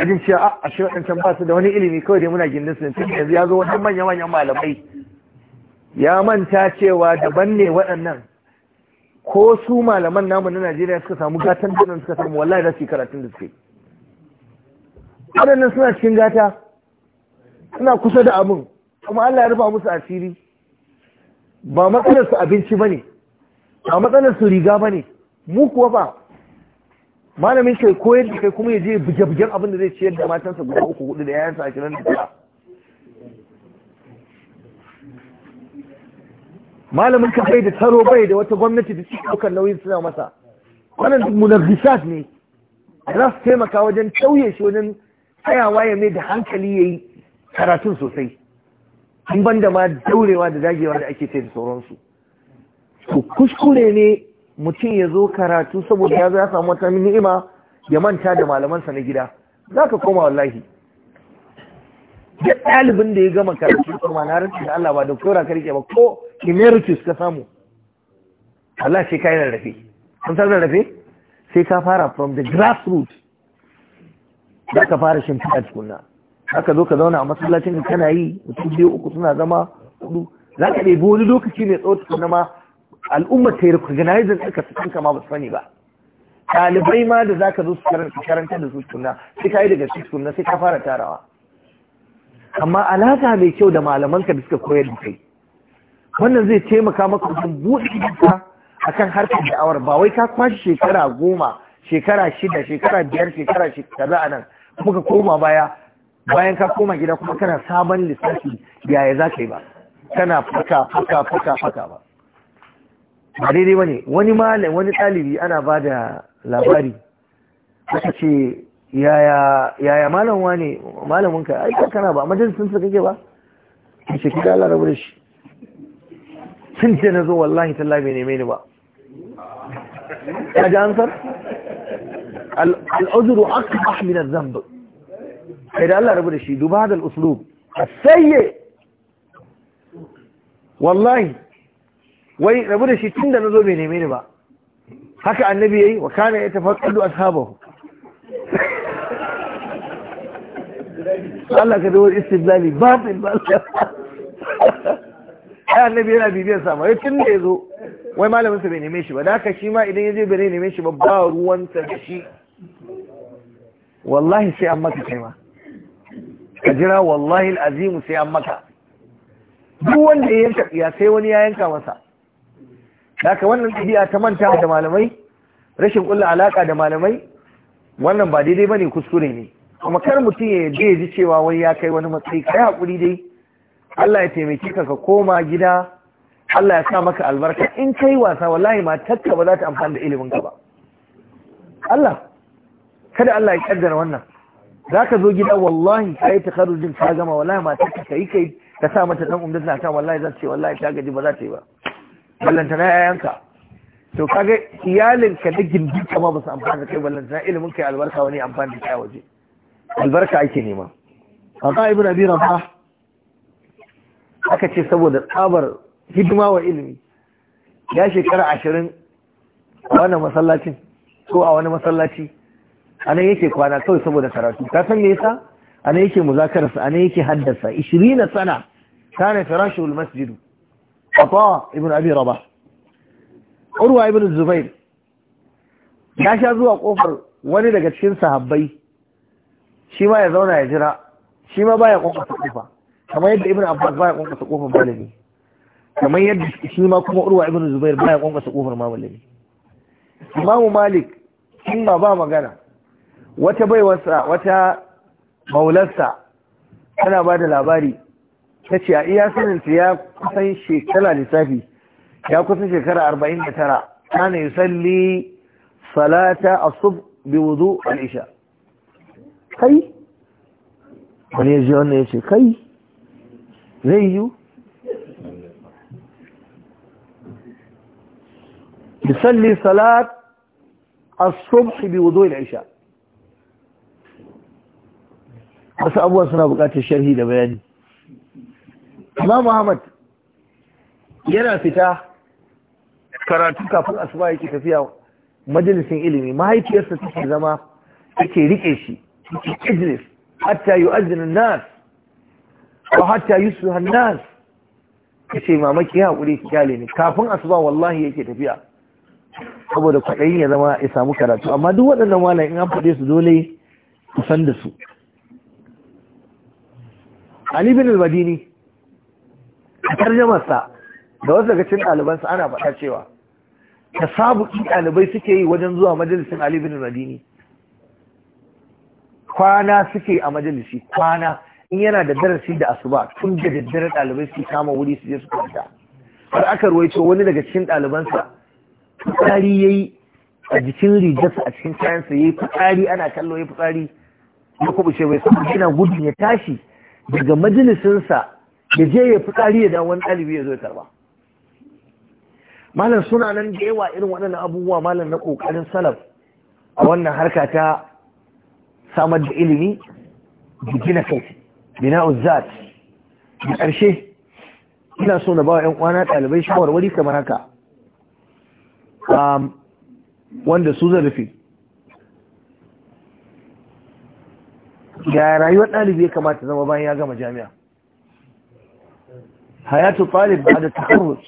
ajin cewa a ah, ashe waɗancan ba su da wani ilimi kawai dai muna gindin su ne yanzu ya zo wani manya-manyan malamai ya manta cewa daban ne waɗannan ko su malaman namu na Najeriya suka samu gatan da suka samu wallahi za su yi karatun da suke. waɗannan suna cikin gata suna kusa da abin kuma Allah ya rufa musu asiri ba matsalar su abinci ne. ba matsalar su riga ne. mu kuwa ba malamin kai koyar da kai kuma ya je buge abin da zai ciyar da matansa guda uku hudu da yayansa a kiran da malamin ka bai da taro bai da wata gwamnati da cikin ɗaukar nauyin suna masa wannan duk munaghisat ne za su taimaka wajen tauye shi wajen tsayawa ya mai da hankali ya yi karatun sosai an ban da ma daurewa da dagewa da ake sai da sauransu to kuskure ne mutum ya zo karatu saboda ya za samu wata ni'ima ya manta da malamansa na gida za ka koma wallahi duk ɗalibin da ya gama karatu ma na rantsi da Allah ba da kora ka rike ba ko emeritus ka samu Allah sai ka yi rarrafe kun san rarrafe sai ka fara from the grassroots za ka fara shimfiɗa tukunna za ka zo ka zauna a masallacin kana yi mutum biyu uku suna zama hudu za ka ɗebi wani lokaci mai tsawo tukunna ma al'ummar ta yi recognizing ɗinka su kanka ma ba su sani ba ɗalibai ma da zaka zo su karanta da su tunna sai ka yi daga su tunna sai ka fara tarawa amma alaka mai kyau da malamanka da suka koyar da kai wannan zai taimaka maka wajen buɗe gidanka akan harkar da'awar ba wai ka kwashe shekara goma shekara shida shekara biyar shekara shekara a nan kuma ka koma baya bayan ka koma gida kuma kana sabon lissafi yaya za ka yi ba kana faka faka faka faka ba ba daidai ba ne wani malam wani ɗalibi ana ba da labari aka ce yaya malam wa ne malaminka ai kana ba majalisun sa ke ba a ce kika Allah da shi sun ce na zo wallahi tallahi bai neme ni ba ya ji ansar aka akbah min adh-dhanb kai da Allah rabu da shi duba da al-uslub as-sayyi wallahi wai rabu da shi tun da na zo bai neme ni ba haka annabi yayi wa kana ya tafakkalu ashabahu Allah ka dawo istidlali batil ba ai annabi yana bibiyar sa wai tun da yazo wai malamin sa bai neme shi ba da haka shi ma idan yaje bai neme shi ba ba ruwan sa da shi wallahi sai an maka kai ka jira wallahi alazim sai an maka duk wanda ya yanka ya sai wani ya yanka masa haka wannan ɗabi'a ta manta da malamai rashin ƙulla alaƙa da malamai wannan ba daidai bane kuskure ne kuma kar mutum ya je ya ji cewa wai ya kai wani matsayi kai hakuri dai Allah ya taimake ka ka koma gida Allah ya sa maka albarka in kai wasa wallahi ma tatta ba za ta amfana da ilimin ka ba Allah kada Allah ya kaddara wannan za ka zo gida wallahi ka yi takarujin ka gama wallahi ma ka yi kai ka sa mata dan umdata ta wallahi zan ce wallahi ta gaji ba za ta yi ba na yayanka to kaga ka da gindin kama ba su amfani da kai na ilimin kai albarka wani amfani da kai waje albarka ake nema amma ibn abi rafa aka ce saboda tsabar hidima wa ilimi ya shekara ashirin a wannan masallacin ko a wani masallaci a nan yake kwana kawai saboda karatu ka san me yasa a nan yake muzakararsa a nan yake haddasa 20 sana kana firashul masjidu Afa ibn Abi Rabah Urwa ibn Zubair ya sha zuwa kofar wani daga cikin sahabbai shi ma ya zauna ya jira shi ma baya kwankwasa kofa kamar yadda ibn Abbas baya kwankwasa kofar malami kamar yadda shi kuma Urwa ibn Zubair baya kwankwasa kofar malami Imam Malik shi ba magana wata baiwarsa wata maularsa tana ba da labari ta ce a iya saninta ya kusan shekara lissafi ya kusan shekara arba'in da tara kana yi salli salata asub bi wudu al'isha kai wani ya ji wannan ya ce kai zai yi يصلي صلاة الصبح بوضوء Wasu بس suna سنة sharhi da bayani. Imam Muhammad yana fita karatu kafin asuba yake tafiya majalisin ilimi mahaifiyarsa take zama take rike shi take ijlis hatta yi azini nas ko hatta su an-nas ce mamaki hakuri ki kyale ni kafin asuba wallahi yake tafiya saboda kwaɗayin ya zama ya samu karatu amma duk waɗannan malam in an faɗe su dole ku san da su Ali bin al-Madini a tarjamarsa da wasu daga cikin ɗalibansa ana faɗa cewa ta sabu ɗalibai suke yi wajen zuwa majalisin Ali bin kwana suke a majalisi kwana in yana da darasi da asuba tun da daddare ɗalibai su kama wuri su je su kwanta har aka ruwaito wani daga cikin ɗalibansa fitsari ya yi a jikin rigarsa a cikin kayansa ya yi fitsari ana kallo ya yi fitsari ya kubuce bai samu yana gudun ya tashi daga majalisinsa da je ya fi ƙari ya da wani ɗalibi ya zo ya karba malam suna nan da yawa irin waɗannan abubuwa malam na ƙoƙarin salaf a wannan harka ta samar da ilimi da gina kai bina uzzat da ƙarshe ina so na ba wa 'yan uwana ɗalibai shawarwari kamar haka wanda su zarafi ya rayuwar ɗalibi ya kamata zama bayan ya gama jami'a hayatu talib ba da takarruj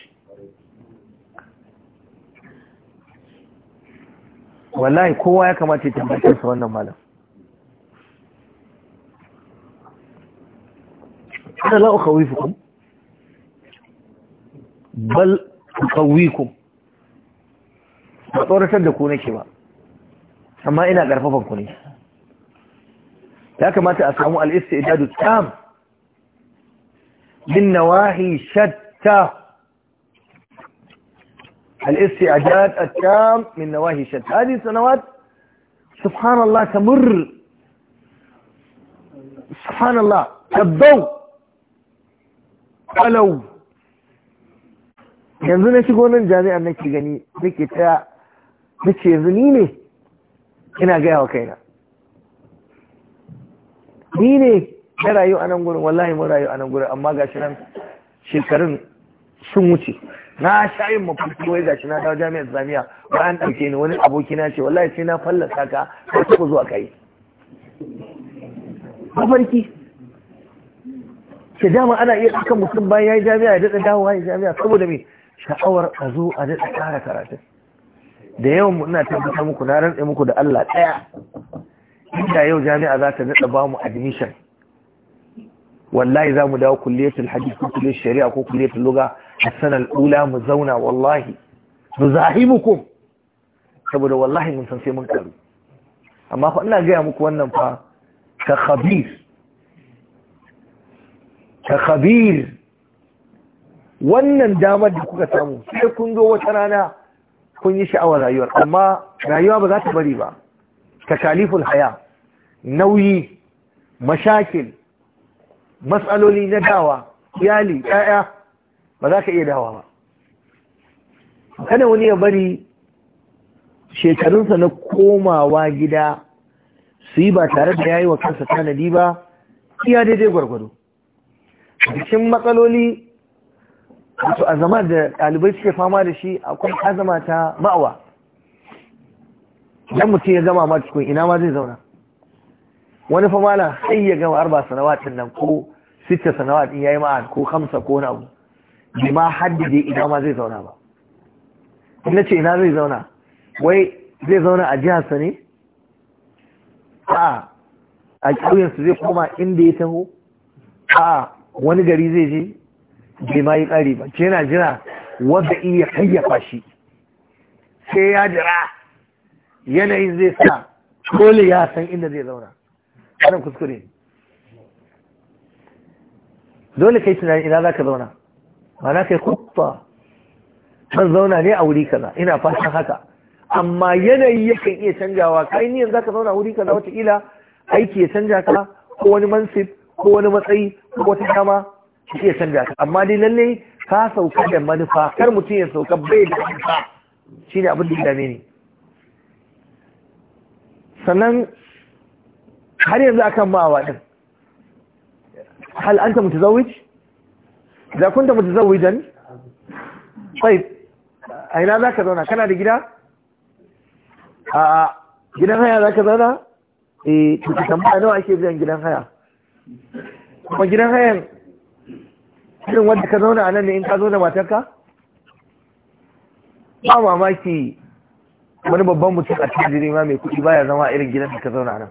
wallahi kowa ya kamata ya tambatar sa wannan malam ana la ukhawifukum bal ukhawikum ba tsoratar da ku nake ba amma ina karfafan ku ne ya kamata a samu al-istidadu tam من نواهي شتى الاستعداد التام من نواهي شتى هذه السنوات سبحان الله تمر سبحان الله الضوء قلو ينظر نشي قولا جامعا نكي غني نكي تا نكي يظنيني هنا جاء وكينا نيني ya rayu a nan gurin wallahi mun rayu a nan gurin amma gashi nan shekarun sun wuce na sha mafarki wai gashi na dawo jami'ar Ba bayan ɗauke ni wani aboki na ce wallahi sai na fallasa ka ka ku zuwa kai mafarki ke dama ana iya ɗaukar mutum bayan ya yi jami'a ya daɗa dawowa ya jami'a saboda mai sha'awar a zo a daɗa ƙara karatu da yawan mu ina tabbata muku na rantse muku da Allah ɗaya inda yau jami'a za ta daɗa ba mu admission wallahi za mu dawo kulliyatul hadith ko kulliyatul shari'a ko kulliyatul lugha hasan al-ula mu zauna wallahi nuzahimukum saboda wallahi mun san sai mun karu amma ina gaya muku wannan fa ka khabir ka khabir wannan damar da kuka samu sai kun zo wata rana kun yi sha'awar rayuwar amma rayuwa ba za ta bari ba takaliful haya nauyi mashakil matsaloli na dawa iyali ɗaya ba za ka iya dawa ba kada wani ya bari shekarunsa na komawa gida su yi ba tare da ya yi wa kansa tanadi ba iya daidai gwargwado cikin matsaloli wato azama da ɗalibai suke fama da shi akwai azama ta ma'awa idan mutum ya gama ma cikin ina ma zai zauna wani fa mala sai ya gama arba sanawat nan ko sitta sanawat in yayi ma'an ko kamsa ko na abu bi ma haddide ina ma zai zauna ba in nace ina zai zauna wai zai zauna a jihar sa ne a a ƙauyen su zai koma inda ya taho a wani gari zai je bai ma yi ƙari ba ke yana jira wanda in ya hayyafa shi sai ya jira yanayin zai sa dole ya san inda zai zauna karin kuskure dole kai tunani ina za ka zauna mana kai kuffa kan zauna ne a wuri kaza ina fatan haka amma yanayi yakan iya canjawa kai niyan za ka zauna wuri kaza wataƙila aiki ya canja ka ko wani mansib ko wani matsayi ko wata dama shi iya canja ka amma dai lalle ka sauka da manufa kar mutum ya sauka bai da manufa shine abin da ya dame ni sannan har yanzu akan ma'awa din hal anta mutazawij da kunta mutazawijan طيب a ina za ka zauna kana da gida? a gidan haya za ka zauna? e eh, tuki tambaya nawa ake biyan gidan haya kuma gidan hayan irin wanda ka zauna a nan ne in ka zo da matarka? ba mamaki wani babban mutum a cikin jirima mai kuɗi baya zama irin gidan da ka zauna nan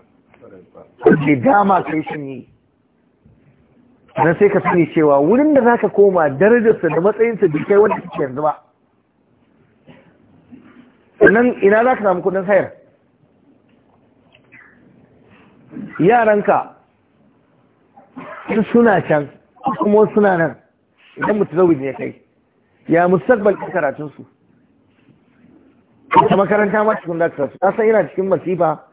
da dama kai shi ne na sai ka sani cewa wurin da zaka koma darajarsa da matsayinsa da kai wanda kake yanzu ba sannan ina za ka samu kudin sayar yaranka suna can kuma suna nan idan mutum ya kai ya musabbal karatunsu ta makaranta ma cikin ta san yana cikin masifa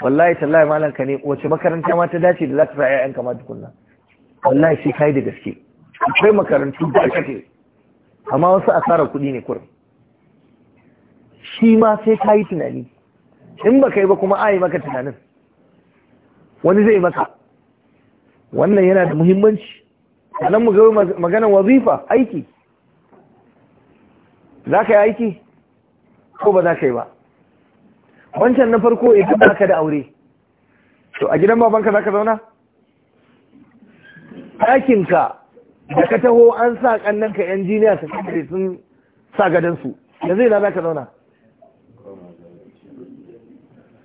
wallahi tallahi malam ka ne wace makaranta ma ta dace da za ka sa ƴaƴan ka ma tukunna wallahi sai kai da gaske akwai makarantu da aka ce amma wasu asara kuɗi ne kurin shi ma sai ka yi tunani in ba ka yi ba kuma a yi maka tunanin wani zai maka wannan yana da muhimmanci sannan mu gawo maganar wazifa aiki za ka yi aiki ko ba za ka yi ba wancan na farko idan ba ka da aure to a gidan babanka za ka zauna ɗakinka da ka taho an sa ƙannanka yan jiniya su kare sun sa gadansu yanzu ina za ka zauna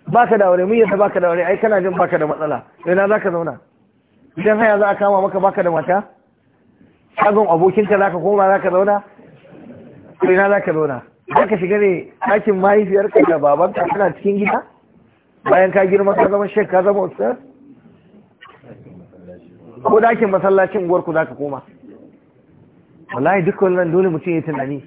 ba ka da aure mun yadda ba ka da aure ai kana jin ba ka da matsala ina za ka zauna idan haya za a kama maka baka da mata shagon abokinka za ka koma za ka zauna ina za ka zauna za shiga ne ɗakin mahaifiyarka da babanka kana cikin gida bayan ka girma ka zama shek ka zama ustaz ko ɗakin masallacin uwarku za ka koma wallahi duk wannan dole mutum ya tunani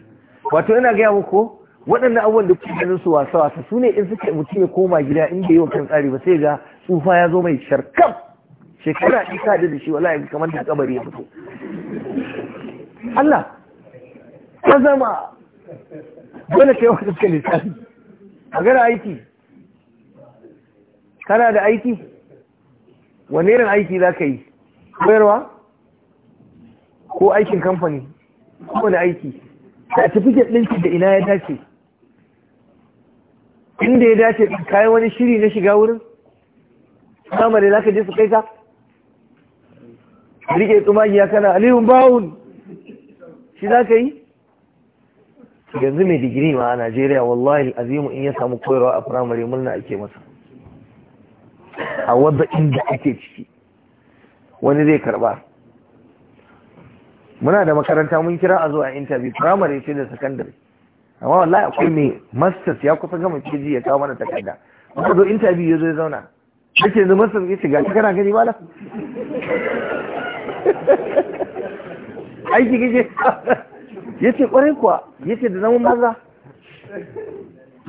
wato ina gaya muku waɗannan abubuwan da kuke ganin su wasa wasa su ne in suke mutum ya koma gida in bai yi wa kan tsari ba sai ga tsufa ya zo mai sharkam shekara ɗin ka da shi wallahi kamar da kabari ya fito Allah ka zama dole sai wasu suka lissafi a gara aiki kana da aiki wane irin aiki za ka yi koyarwa ko aikin kamfani ko da aiki certificate ɗinki da ina ya dace inda ya dace kayan wani shiri na shiga wurin samar da za ka je su kai ka rike tsumagiya kana alihun bawun shi za ka yi yanzu mai digiri ma a Najeriya wallahi azimu in ya samu koyarwa a firamare murna ake masa a wadda inda ake ciki wani zai karba muna da makaranta mun kira a zuwa a firamare ce da sakandare amma wallahi akwai mai masters ya kusa gama PG ya kawo mana takarda muka zo intabi ya zo ya zauna nake yanzu masters ya shiga ta kana gani mala aiki kike ya ce ƙwarai kuwa ya ce da zaman maza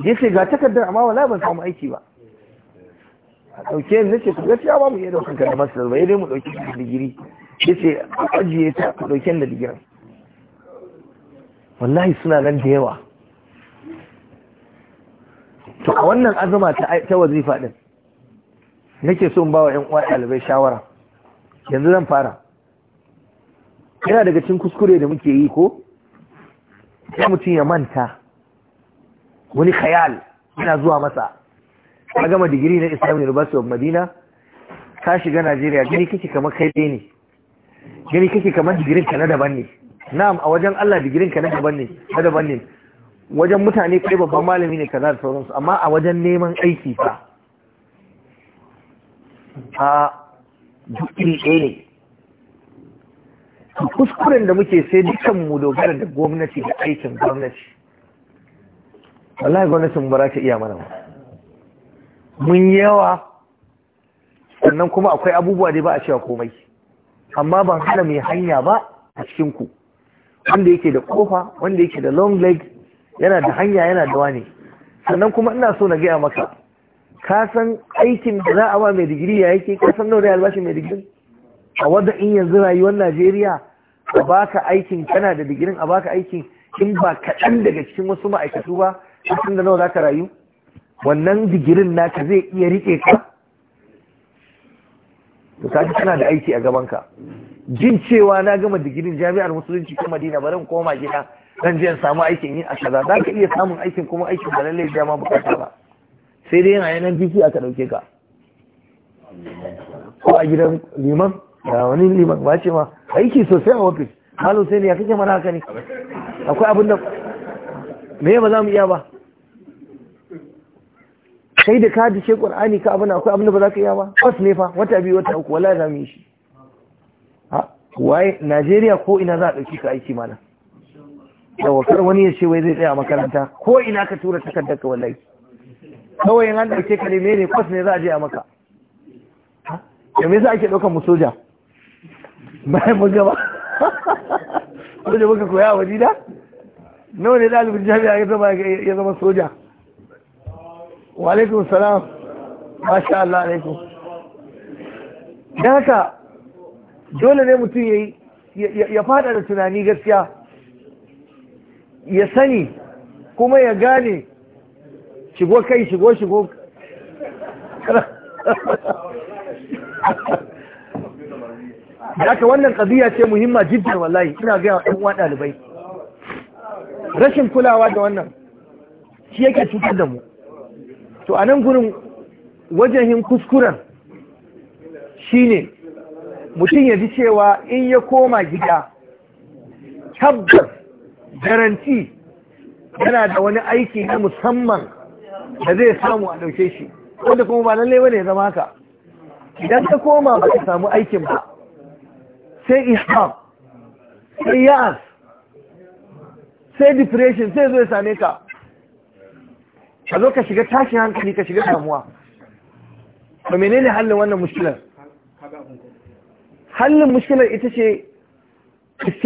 ya ce ga takardar amma wala ban samu aiki ba a ɗauke ni ce ku gaskiya ba mu iya ɗaukan ka da masar ba ya dai mu ɗauki da digiri ya ce a ajiye ta ku ɗauke da digiri. wallahi suna nan da yawa to a wannan azama ta wazifa ɗin nake so in ba wa 'yan uwa ɗalibai shawara yanzu zan fara yana daga cikin kuskure da muke yi ko sai mutum ya manta wani khayal yana zuwa masa ka gama digiri na Islamic University of Madina ka shiga Najeriya gani kake kamar kai ne gani kake kamar digirin ka na daban ne na'am a wajen Allah digirin ka na daban ne na daban ne wajen mutane kai babban malami ne kaza da sauransu amma a wajen neman aiki fa a duk ɗaya ne kuskuren da muke sai dukkan mu dogara da gwamnati da aikin gwamnati wallahi gwamnatin ba za ta iya mana ba mun yawa sannan kuma akwai abubuwa dai ba a cewa komai amma ban hana mai hanya ba a cikinku. ku wanda yake da kofa wanda yake da long leg yana da hanya yana da wani sannan kuma ina so na gaya maka ka san aikin da za a ba mai digiri ya yake ka san nawa da albashi mai digiri a wadda in yanzu rayuwar Najeriya a baka aikin kana da digirin a baka aikin in ba kaɗan daga cikin wasu ma'aikatu ba cikin da nawa za ka rayu wannan digirin naka zai iya riƙe ka to kaji kana da aiki a gabanka jin cewa na gama digirin jami'ar musulunci ta madina ba zan koma gida zan je in samu aikin yin a kaza za ka iya samun aikin kuma aikin da lallai dama bukata ba sai dai yana yanan bisi aka ɗauke ka ko a gidan liman da wani liman ba ce ma aiki sosai a ofis halin sai ne ya kake mana haka ne akwai abin da me ba za mu iya ba kai da ka dace qur'ani ka abin akwai abin da ba za ka iya ba kwas ne fa wata biyu wata uku wallahi za mu yi shi ha waye Najeriya ko ina za a ɗauki ka aiki mana yawa kar wani ya ce wai zai tsaya makaranta ko ina ka tura takardar ka wallahi kawai in an dauke ka ne ne kwas ne za a je a maka da za yasa ake ɗaukar mu soja bayan mun gaba wajen muka koya a madina nawa ne ɗalibin jami'a ya zama ya zama soja wa alaikum salam masha Allah alaikum haka dole ne mutum ya ya fada da tunani gaskiya ya sani kuma ya gane shigo kai shigo shigo haka wannan qadiya ce muhimma jiddan wallahi ina ga ɗan uwa ɗalibai rashin kulawa da wannan shi yake cutar da mu to a nan gurin wajahin kuskuren shine mutum ya ji cewa in ya koma gida tabbas garanti yana da wani aiki na musamman da zai samu a ɗauke shi wanda kuma ba lallai ne ya zama haka idan ka koma ba ka samu aikin ba sai ishaq sai yas sai depression sai zo ya same ka a ka shiga tashin hankali ka shiga samuwa ba menene hallin wannan mushkilar hallin mushkilar ita ce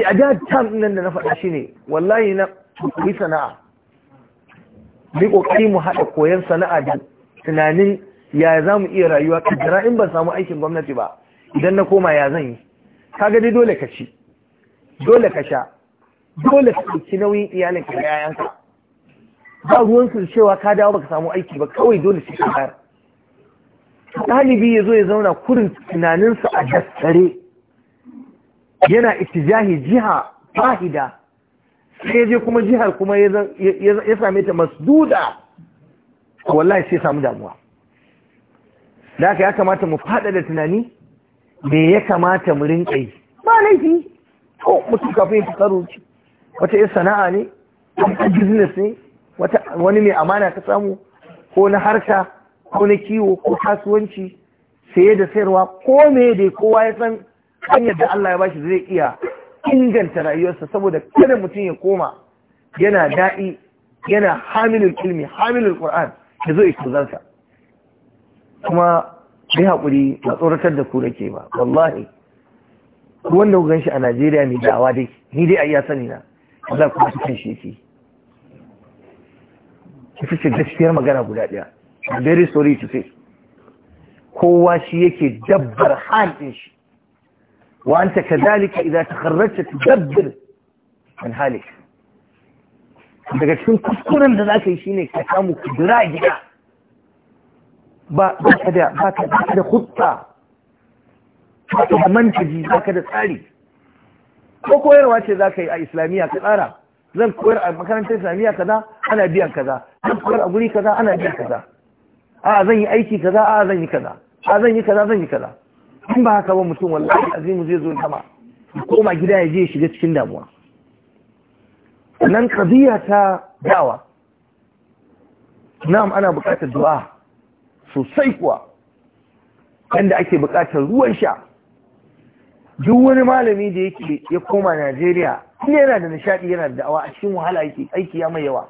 a jihar tam nan da na faɗa shi ne wallahi na kuri sana'a bi kokari mu haɗa koyon sana'a da tunanin ya za mu iya rayuwa kaddara in ban samu aikin gwamnati ba idan na koma ya zan yi kaga dai dole ka ci dole ka sha dole ka ɗauki nauyin iyalinka da yayanka ba ruwan su cewa ka dawo baka samu aiki ba kawai dole sai ka bayar ɗalibi ya zo ya zauna kurin tunaninsa a daskare yana itijahi jiha fahida sai ya je kuma jihar kuma ya same ta masduda wallahi sai samu damuwa da haka ya kamata mu da tunani me ya kamata mu rinƙa yi ba laifi to mutum kafin ya karo wata yin sana'a ne wata business ne wata wani mai amana ka samu ko na harka ko na kiwo ko kasuwanci saye da sayarwa ko me dai kowa ya san hanyar da Allah ya bashi zai iya inganta rayuwarsa saboda kada mutum ya koma yana daɗi yana hamilul ilmi hamilul qur'an ya zo ya ikuzansa kuma sai haƙuri a tsoratar da ku ke ba wallahi ruwan wanda ku ganshi a Najeriya mai da'awa dai ni dai a iya sani na Allah ku ci kan shi yake ki gaskiyar magana guda ɗaya I'm very sorry to say kowa shi yake dabbar halin shi wa anta kadhalika idza takharrajta tudabbir an halik daga cikin kuskuren da zaka yi shine ka samu kudura gida ba ka da ka da hutsa ba ka da mantaji ba ka da tsari ko koyarwa ce za ka yi a islamiyya ka tsara zan koyar a makarantar islamiyya kaza ana biyan kaza zan koyar a guri kaza ana biyan kaza a zan yi aiki kaza a zan yi kaza a zan yi kaza zan yi kaza in ba haka ba mutum wallahi azimu zai zo kama koma gida ya je ya shiga cikin damuwa nan qadiya ta da'wa na'am ana buƙatar du'a sosai kuwa yadda ake buƙatar ruwan sha duk wani malami da yake ya koma najeriya kuma yana da nishaɗi yana da da'awa a cikin wahala yake aiki ya mai yawa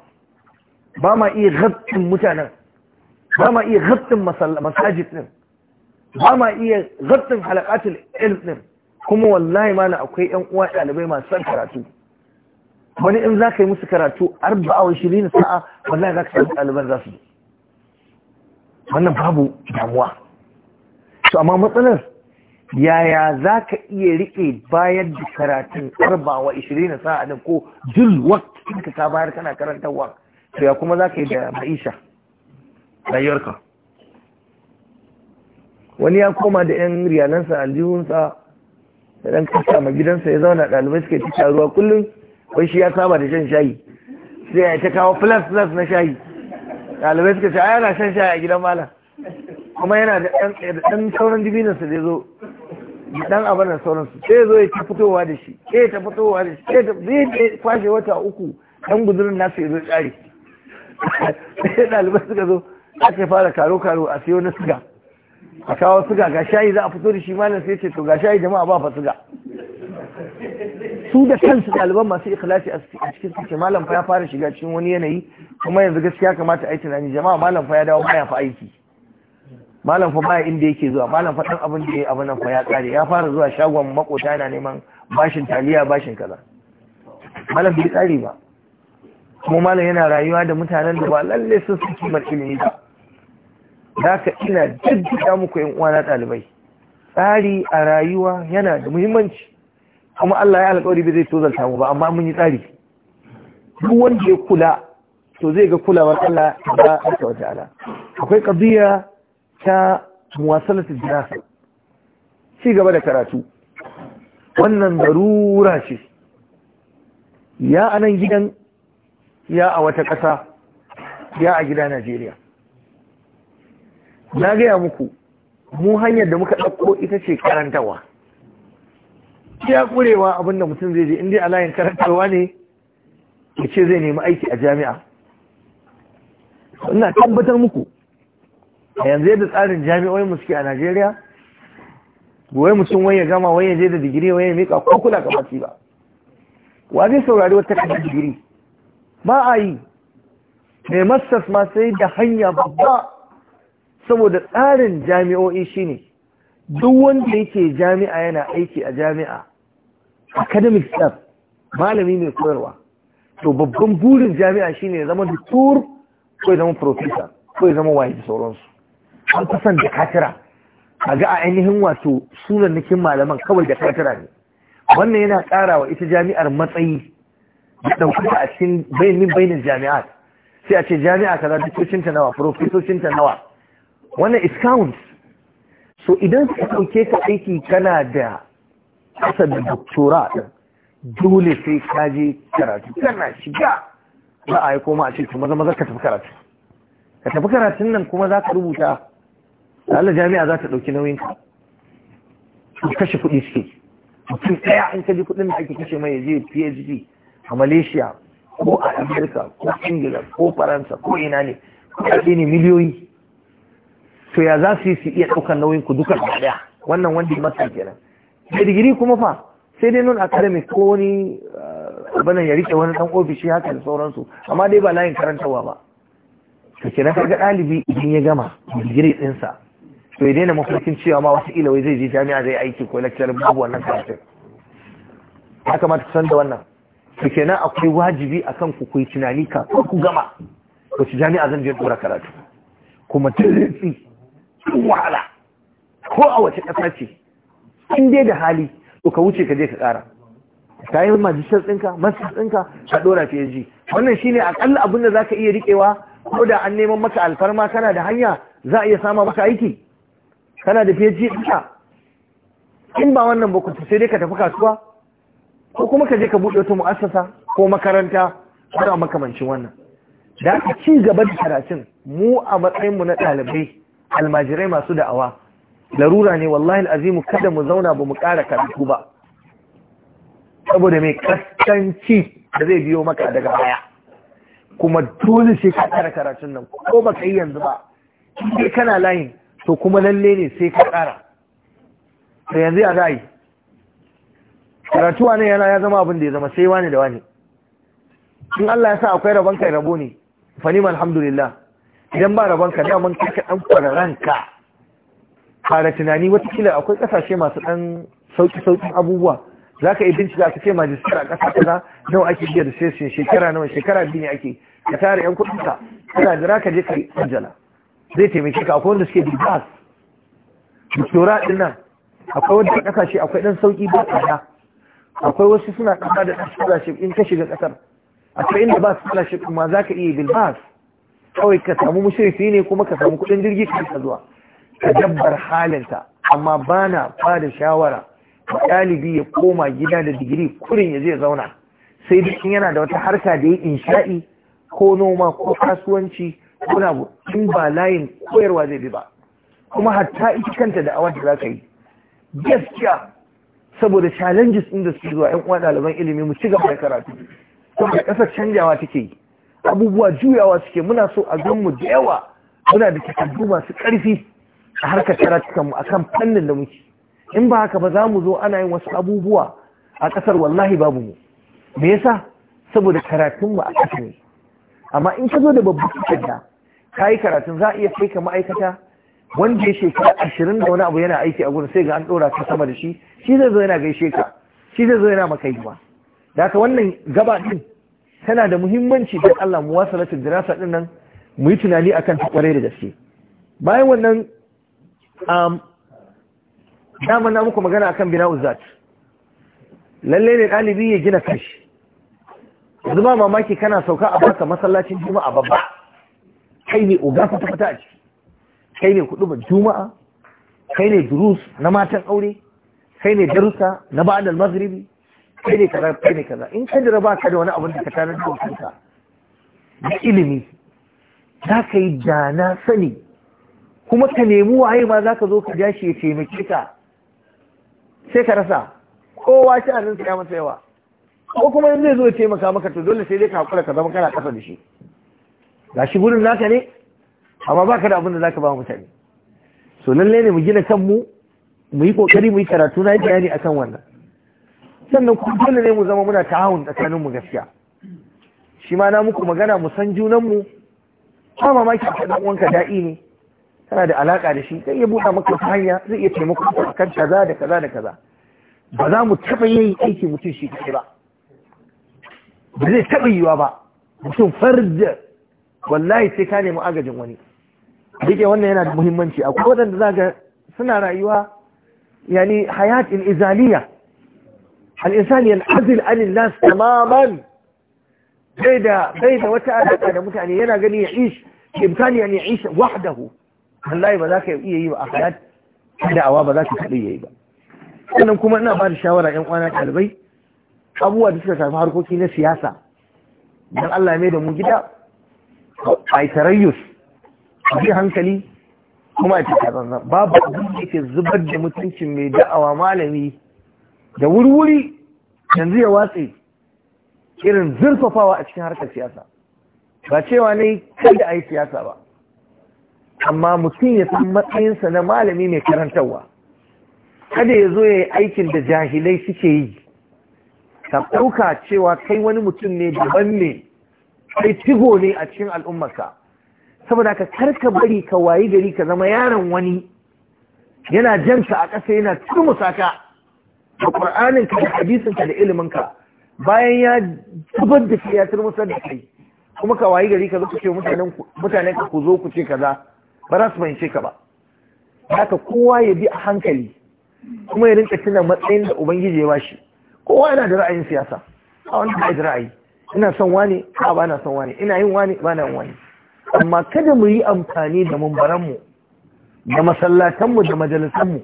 ba ma iya gattin mutanen ba ma iya gattin masajid ɗin ba ma iya gattin halakatul ilm ɗin kuma wallahi mana akwai yan uwa ɗalibai masu son karatu wani in za ka yi musu karatu arba'a wa shirin sa'a wallahi za ka samu ɗaliban za su zo wannan babu damuwa to amma matsalar yaya za ka iya riƙe bayar da karatun arbawa ishirin na sa'a ko jul wakil ka bayar kana karantarwa to ya kuma za ka yi da ma'isha rayuwarka wani ya koma da yan riyalansa aljihunsa da ɗan kasa ma gidansa ya zauna ɗalibai suke ci ruwa kullum wai shi ya saba da shan shayi sai ya ta kawo plus plus na shayi ɗalibai suka ce ai shan shayi a gidan malam kuma yana da ɗan sauran dibinin da da zo ɗan abin da sauransu su sai zo ya ta fitowa da shi sai ta fitowa da shi sai ta zai kwashe wata uku ɗan guzurin nasu ya zo tsari sai ɗalibai suka zo ake fara karo karo a siyo na siga a kawo siga ga shayi za a fito da shi malam sai ce to ga shayi jama'a ba fa siga su da kansu ɗaliban masu ikhlasi a cikin suke malam fa ya fara shiga cikin wani yanayi kuma yanzu gaskiya kamata a yi tunani jama'a malam fa ya dawo baya fa aiki malam fa baya inda yake zuwa malam fa dan abin da yayi abin nan fa ya kare ya fara zuwa shagon makota yana neman bashin taliya bashin kaza malam bai tsari ba kuma malam yana rayuwa da mutanen da ba lalle sun su kimar ilimi ba da ka ina jaddada muku yan uwana ɗalibai tsari a rayuwa yana da muhimmanci kuma Allah ya alƙawari bai zai tozarta mu ba amma mun yi tsari duk wanda ya kula to zai ga kulawar Allah ba aka wata ala akwai qadiya ta muwasalatu dirasa ci gaba da karatu wannan darura ce ya anan gidan ya a wata ƙasa ya a gida Najeriya na gaya muku mu hanyar da muka ɗauko ita ce karantawa ya kurewa abin da mutum zai je inda a layin karantarwa ne ya ce zai nemi aiki a jami'a ina tabbatar muku a yanzu yadda tsarin jami'oyin mu suke a najeriya wai mutum wai ya gama wai ya je da digiri wai ya mika ko kula ka ba wa zai saurari wata takardar digiri ba a yi mai masters ma sai da hanya babba saboda tsarin jami'o'i shine duk wanda yake jami'a yana aiki a jami'a academic staff malami mai koyarwa to babban burin jami'a shine ya zama doctor ko ya zama professor ko ya zama waye sauransu an kusan da katira a ga a ainihin wato sunan nikin malaman kawai da katira ne wannan yana kara wa ita jami'ar matsayi da ɗaukaka a cikin bayanin bayanin jami'a sai a ce jami'a kaza ta nawa profesocinta nawa wannan is count so idan suka ɗauke ka aiki kana da kasa da doktora ɗin dole sai ka je karatu kana shiga za a yi koma a ce to maza maza ka tafi karatu ka tafi karatun nan kuma za ka rubuta Allah jami'a za ta ɗauki nauyin ka kashe kuɗi suke mutum ɗaya in ka ji kuɗin da ake kashe mai yaje PhD a Malaysia ko a Amerika ko Ingila ko Faransa ko ina ne kuɗaɗe ne miliyoyi to ya za su yi su iya ɗaukar nauyin ku dukkan ɗaya wannan wanda ya masa kenan mai digiri kuma fa sai dai nun academic ko wani eh, abin ya rike wani dan ofishi haka da sauransu amma dai ba layin karantarwa ba to kenan ga ɗalibi idan ya gama digiri dinsa to ya daina mafarkin cewa ma wasu ilawai zai je jami'a zai aiki ko lecture babu wannan karatun ya kamata san da wannan to kenan akwai wajibi akan ku kuyi tunani kafin ku gama wace jami'a zan je dora karatu kuma tun wahala ko a wace ƙasa ce in dai da hali to ka wuce ka je ka kara ka yi majistar ɗinka masar ɗinka ka ɗora PSG wannan shine akalla abin da zaka iya riƙewa ko da an neman maka alfarma kana da hanya za a iya sama maka aiki kana da PSG ɗinka in ba wannan ba ku sai dai ka tafi kasuwa ko kuma ka je ka buɗe wata mu'assasa ko makaranta ko a makamancin wannan da aka ci gaba da karatun mu a matsayinmu na ɗalibai almajirai masu da'awa larura ne wallahi al'azimu, kada mu zauna ba mu ƙara karatu ba saboda mai kaskanci da zai biyo maka daga baya kuma dole sai ka ƙara karatun nan ko ba ka yi yanzu ba sai kana layin to kuma lalle ne sai ka ƙara da yanzu ya za yi karatuwa ne yana ya zama abin da ya zama sai wani da wani in Allah ya sa akwai rabon kai rabo ne fani alhamdulillah idan ba rabon ka daman ka ka dan ranka fara tunani watakila akwai kasashe masu ɗan sauki sauƙin abubuwa za ka yi bincika ka ce majistar a ƙasa kaza nawa ake biya da sai shekara nawa shekara biyu ne ake ka tara yan kuɗin ka kana jira ka je ka yi zai taimake ka akwai wanda suke gas doktora ɗin nan akwai wanda ƙasashe akwai ɗan sauƙi ba tsada akwai wasu suna ƙasa da ɗan scholarship in ka shiga ƙasar akwai inda ba scholarship kuma za ka iya bilbas kawai ka samu mushrifi ne kuma ka samu kuɗin jirgi ka zuwa ka dabbar halinta amma bana fada shawara ɗalibi ya koma gida da digiri kurin ya zai zauna sai dukkan yana da wata harka da ya insha'i ko noma ko kasuwanci ko na in ba layin koyarwa zai bi ba kuma hatta ita kanta da awa za ka yi gaskiya saboda challenges inda suke zuwa yan uwa ɗaliban ilimi mu ci gaba da karatu saboda ƙasar canjawa take yi abubuwa juyawa suke muna so a gan mu da yawa muna da takardu masu ƙarfi a harkar karatukanmu a kan fannin da muke in ba haka ba za mu zo ana yin wasu abubuwa a ƙasar wallahi babu mu me yasa saboda karatunmu a ƙasa ne amma in ka zo da babban babbar da ka yi karatun za a iya kai ka ma'aikata wanda ya shekara ashirin da wani abu yana aiki a gurin sai ga an ɗora ka sama da shi shi zai zo yana gaishe ka shi zai zo yana maka yiwa da haka wannan gaba ɗin tana da muhimmanci don Allah mu wasa latin dirasa ɗin nan mu yi tunani akan ta kwarai da gaske bayan wannan Um, dama na muku magana akan bina uzat lalle ne ɗalibi ya gina kashi yanzu ba mamaki kana sauka a baka masallacin juma'a babba kai ne uga fata fata a ciki kai ne kudu ba juma'a kai ne durus na matan aure kai ne darussa na ba'ad al-maghribi kai ne kaza kai ne kaza in ka dira ka da wani abin da ka tanar da kanka Na ilimi za ka yi da sani kuma ka nemi waye ma za ka zo ka ja shi ya taimake ka sai ka rasa kowa shi a nan ya masa yawa ko kuma yanzu zai zo ya taimaka maka to dole sai dai ka hakura ka zama kana kasa da shi ga shi gudun naka ne amma ba ka da abin da za ka ba mutane so lallai ne mu gina kan mu yi kokari mu yi karatu na yi bayani akan wannan sannan kuma dole ne mu zama muna ta'awun tsakanin mu gaskiya shi ma na muku magana mu san junan mu ba mamaki ka dan uwanka da'i ne kana da alaka da shi zai iya buɗa maka ta hanya zai iya taimako ka kan kaza da kaza da kaza ba za mu taɓa yin aiki mutum shi kai ba ba zai taɓa yiwa ba mutum farda wallahi sai ka nemi agajin wani rike wannan yana da muhimmanci akwai waɗanda za ga suna rayuwa yani hayat in izaliya al'insan yan azil anin nas tamaman bai da wata alaƙa da mutane yana gani ya ish imkani ya ish wahdahu wallahi ba za ka iya yi ba a hayat da'awa ba za ka kaɗai yi ba sannan kuma ina ba da shawara yan uwana ɗalibai abubuwa da suka shafi harkoki na siyasa dan Allah mai da mu gida a yi tarayyus a bi hankali kuma a cikin zanzan babu abin da yake zubar da mutuncin mai da'awa malami da wurwuri yanzu ya watse irin zurfafawa a cikin harkar siyasa ba cewa ne kai da a yi siyasa ba amma mutum ya san matsayinsa na malami mai karantarwa kada ya zo ya yi aikin da jahilai suke yi ka ɗauka cewa kai wani mutum ne daban ne kai tigo ne a cikin al'ummarka saboda ka karka bari ka wayi gari ka zama yaron wani yana jansa a ƙasa yana turmusa ka da ƙur'aninka da hadisinka da iliminka bayan ya zubar da shi ya turmusar da kai kuma ka wayi gari ka zo ku ce mutanen ka ku zo ku ce kaza ba za su fahimce ka ba haka kowa ya bi a hankali kuma ya rinka tuna matsayin da ubangiji ya bashi kowa yana da ra'ayin siyasa a wani da ra'ayi ina son wani a ba na son wani ina yin wani ba na yin wani amma kada mu yi amfani da mambaranmu da masallatanmu da majalisanmu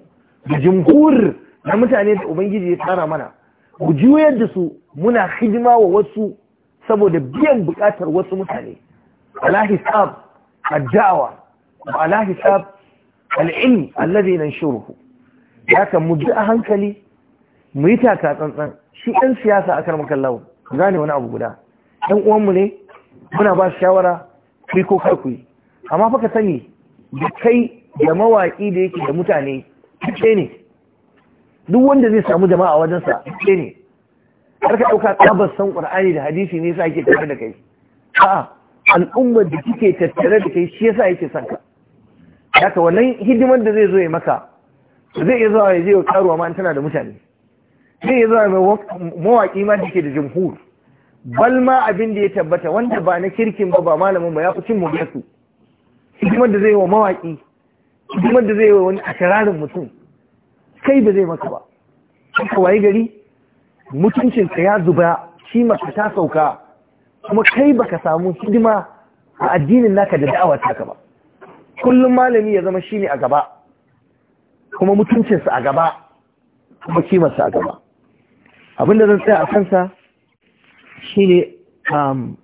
da jimhur na mutane da ubangiji ya tsara mana mu juyar da su muna hidima wa wasu saboda biyan bukatar wasu mutane ala hisab addawa ala hisab al'ilm alladhi nanshuruhu ya kan mu a hankali mu yi taka tsantsan shi 'yan siyasa a karmar kallawo gane wani abu guda ɗan uwanmu ne muna ba shawara ku ko kar ku amma fa ka sani da kai da mawaƙi da yake da mutane ce duk wanda zai samu jama'a wajensa ce ne ka ɗauka tsabar san ƙur'ani da hadisi ne sa ake tafi da kai a'a al'ummar da kike tattare da kai shi yasa yake sanka. haka wannan hidimar da zai zo ya maka zai iya zuwa ya je ya karuwa ma tana da mutane zai iya zuwa mawaƙi ma da ke da jamhur bal ma abin da ya tabbata wanda ba na kirkin ba ba malamin ba ya fi cin mubiyasu hidimar da zai wa mawaƙi hidimar da zai wa wani asirarin mutum kai ba zai maka ba ka waye gari mutuncinka ya zuba shi maka ta sauka kuma kai baka samu hidima a addinin naka da da'awar ka ba kullum malami ya zama shine a gaba kuma mutuncinsa a gaba kuma kimarsa a gaba da zan tsaya a kansa shine um,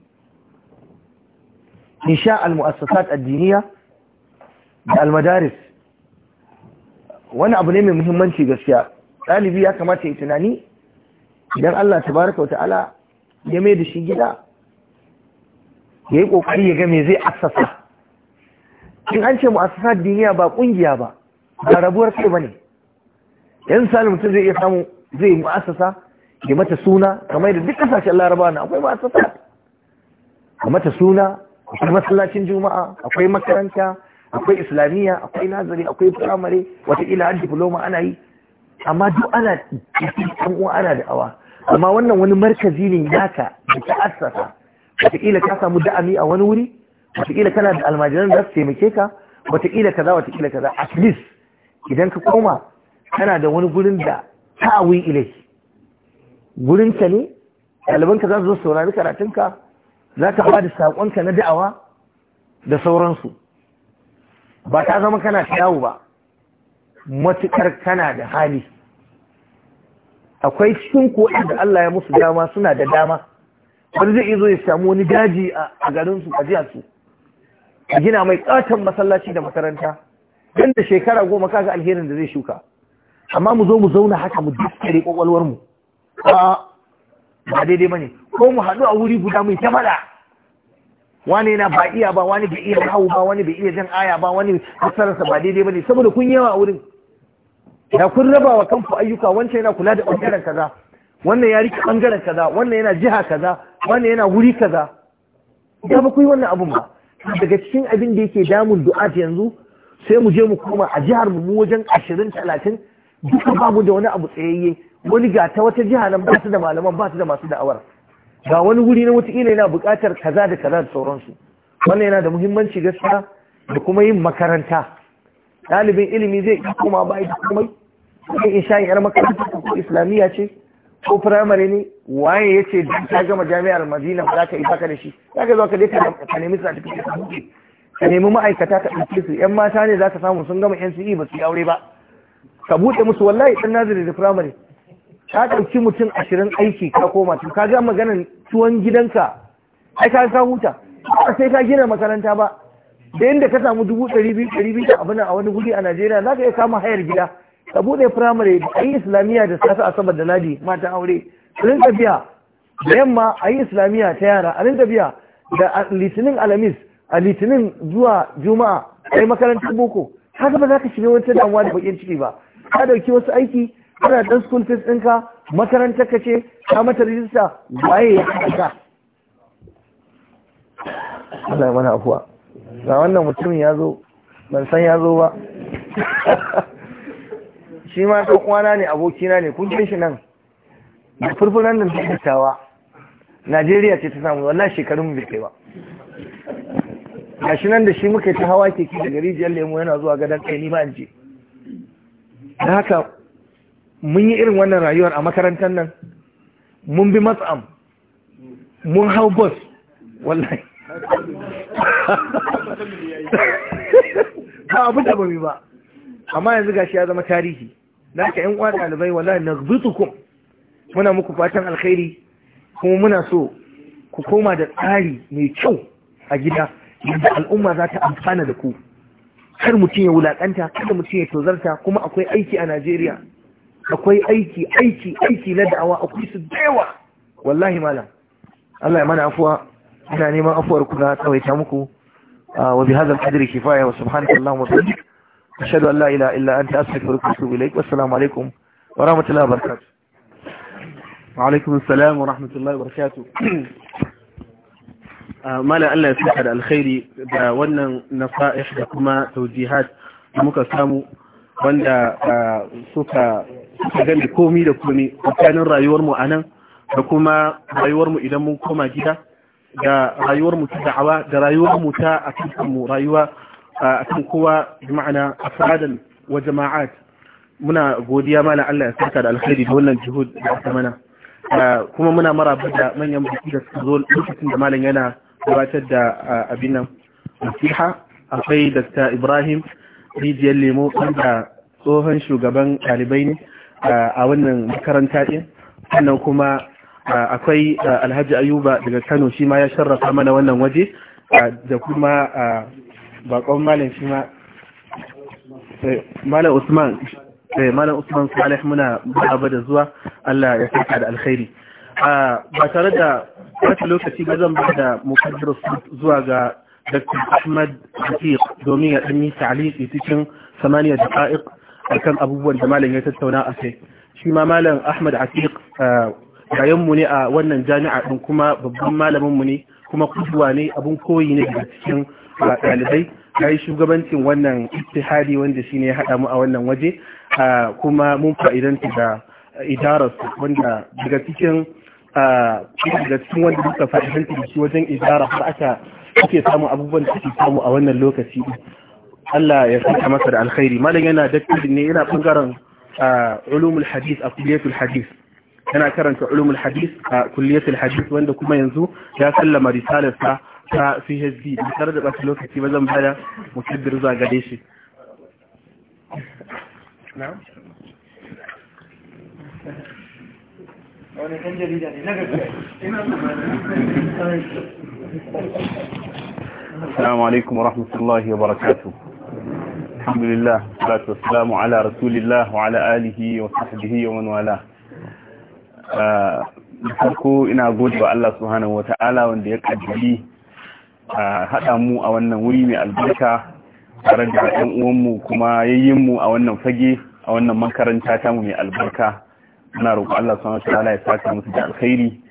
insha al-mu'assasat addiniya da al-madaris wani abu ne mai muhimmanci gaskiya ɗalibi ya kamata ya tunani idan Allah Ta baraka wa ta'ala ya mai da shi gida ya yi ƙoƙari ya ga zai assasa in an ce mu'asasar diniya ba kungiya ba ba rabuwar kai ne. yan salim mutum zai iya samu zai mu'assasa ya mata suna kamar da duk kasashen laraba na akwai mu'assasa a mata suna akwai masallacin juma'a akwai makaranta akwai islamiyya akwai nazari akwai firamare wataƙila har diploma ana yi amma duk ana ɗan uwa ana awa. amma wannan wani markazi ne naka da ta assasa wataƙila ka samu da'ami a wani wuri watakila kana da almajiran da su taimake ka watakila kaza watakila kaza at least idan ka koma kana da wani gurin da ta'awi ilai gurin ka ne ɗaliban ka za su zo saurari karatunka za ka ba da ka na da'awa da sauransu ba ta zama kana ta yawo ba Matukar kana da hali akwai cikin ko'in da Allah ya musu dama suna da dama wani zai iya zo ya samu wani daji a garinsu a su? a gina mai katon masallaci da makaranta don da shekara goma kaga alherin da zai shuka amma mu zo mu zauna haka mu daskare kwakwalwar mu a ba daidai bane ko mu haɗu a wuri guda mai ta faɗa wani yana ba iya ba wani bai iya hau ba wani bai iya jan aya ba wani hasararsa ba daidai bane saboda kun yawa a wurin da kun raba wa kanku ayyuka wancan yana kula da ɓangaren kaza wannan ya rike ɓangaren kaza wannan yana jiha kaza wannan yana wuri kaza Ya ba ku yi wannan abun ba daga cikin abin da yake damun du'at yanzu sai mu je mu koma a jihar mu wajen ashirin talatin duka babu da wani abu tsayayye wani ga ta wata jiha nan ba su da malaman ba su da masu da'awar ga wani wuri na wata ina yana buƙatar kaza da kaza da sauransu wannan yana da muhimmanci gaskiya da kuma yin makaranta ɗalibin ilimi zai iya koma bai da komai Sai in sha yar makaranta ko islamiyya ce ko firamare ne waye ya ce don ta gama jami'ar madina ba za ka yi baka da shi za ka zo ka ka nemi certificate ka huce ka nemi ma'aikata ka ɗauke su yan mata ne za ka samu sun gama yan e ba su yi aure ba ka buɗe musu wallahi ɗan nazari da firamare ka ɗauki mutum ashirin aiki ka koma tun ka ga maganan tuwon gidanka ai ka ka huta ba sai ka gina makaranta ba da yadda ka samu dubu ɗari biyu ɗari biyu abin a wani guri a Najeriya za ka iya kama hayar gida ka buɗe firamare a yi islamiyya da safi asabar da ladi mata aure rinka tafiya da yamma a yi islamiyya ta yara a rinka biya da litinin alamis a litinin zuwa juma'a a yi makarantar boko haka ba za ka shiga wata damuwa da bakin ciki ba ka dauki wasu aiki kana dan school fees ɗinka makarantar ka ce ka mata rijista waye ya haka Allah ya mana afuwa ga wannan mutumin ya zo ban san ya zo ba shi ma ta kwana ne abokina ne kun shi nan da furfunan da ta tawa Najeriya ce ta samu wallahi shekarun bai kai ba shi nan da shi muka ta hawa keke daga rijiyar lemu yana zuwa gadon kai ni ba in je da haka mun yi irin wannan rayuwar a makarantar nan mun bi matsam mun hau bus wallahi ba abu da ba amma yanzu gashi ya zama tarihi da haka yan uwa ɗalibai wallahi naghbitukum muna muku fatan alkhairi kuma muna so ku koma da tsari mai kyau a gida yadda al'umma za ta amfana da ku kar mutum ya wulaƙanta, kada mutum ya tozarta kuma akwai aiki a Najeriya akwai aiki aiki aiki na da'awa akwai su da yawa wallahi malam Allah ya mana afuwa ina neman afuwar ku na tsawaita muku ah, wa bi hadha al-qadri kifaya wa subhanakallahumma wa bihamdika ashhadu an illa anta astaghfiruka wa atubu ilaik wa rahmatullahi wa barakatuh wa alaikum assalam wa rahmatullahi wa barakatuh mala Allah ya da alkhairi da wannan nasa'ih da kuma tawjihat da muka samu wanda suka suka gani komi da komi tsakanin rayuwar mu anan da kuma rayuwar mu idan mun koma gida da rayuwar mu ta da'awa da rayuwar mu ta akan mu rayuwa akan kowa ma'ana afradan wa jama'at muna godiya mana Allah ya saka da alkhairi da wannan juhud da aka mana kuma muna maraba da manyan baki da suka zo lokacin da malam yana gabatar da abin nan nasiha akwai Dr. Ibrahim Rijiyar Lemo wanda tsohon shugaban ɗalibai ne a wannan makaranta ɗin sannan kuma akwai Alhaji Ayuba daga Kano shi ma ya sharrafa mana wannan waje da kuma bakon malam shi ma eh, malam usman sai eh, malam usman salih muna ba da zuwa Allah ya saka da alkhairi ah, ba tare da wata lokaci ba zan ba da mukaddar zuwa ga Dr. Ahmad Hafiq domin ya ɗanyi ta'aliki cikin samaniya da ƙa'iq akan abubuwan da malam ya tattauna a kai shi ma malam Ahmad Hafiq ah, mu ne a wannan jami'a ɗin kuma babban mu ne kuma kuduwa ne abun koyi ne daga cikin ga ɗalibai ya yi shugabancin wannan ittihadi wanda shi ne ya haɗa mu a wannan waje kuma mun fa'idanta da idarar wanda daga cikin daga cikin wanda suka fa'idanta da shi wajen idara har aka ake samun abubuwan da ake samu a wannan lokaci Allah ya saka masa da alkhairi malam yana daktar ne yana bangaren ulumul hadith a kulliyatul hadith yana karanta ulumul hadith a kulliyatul hadith wanda kuma yanzu ya sallama risalarsa السلام عليكم ورحمة الله وبركاته الحمد لله والصلاة والسلام على رسول الله وعلى آله وصحبه ومن والاه نحن أقول بأ الله سبحانه وتعالى وأن يقعد به a haɗa mu a wannan wuri mai albarka tare da ɗan uwanmu kuma yayyin mu a wannan fage a wannan makaranta ta mu mai albarka muna roƙo Allah subhanahu wataala ya saka musu da alkhairi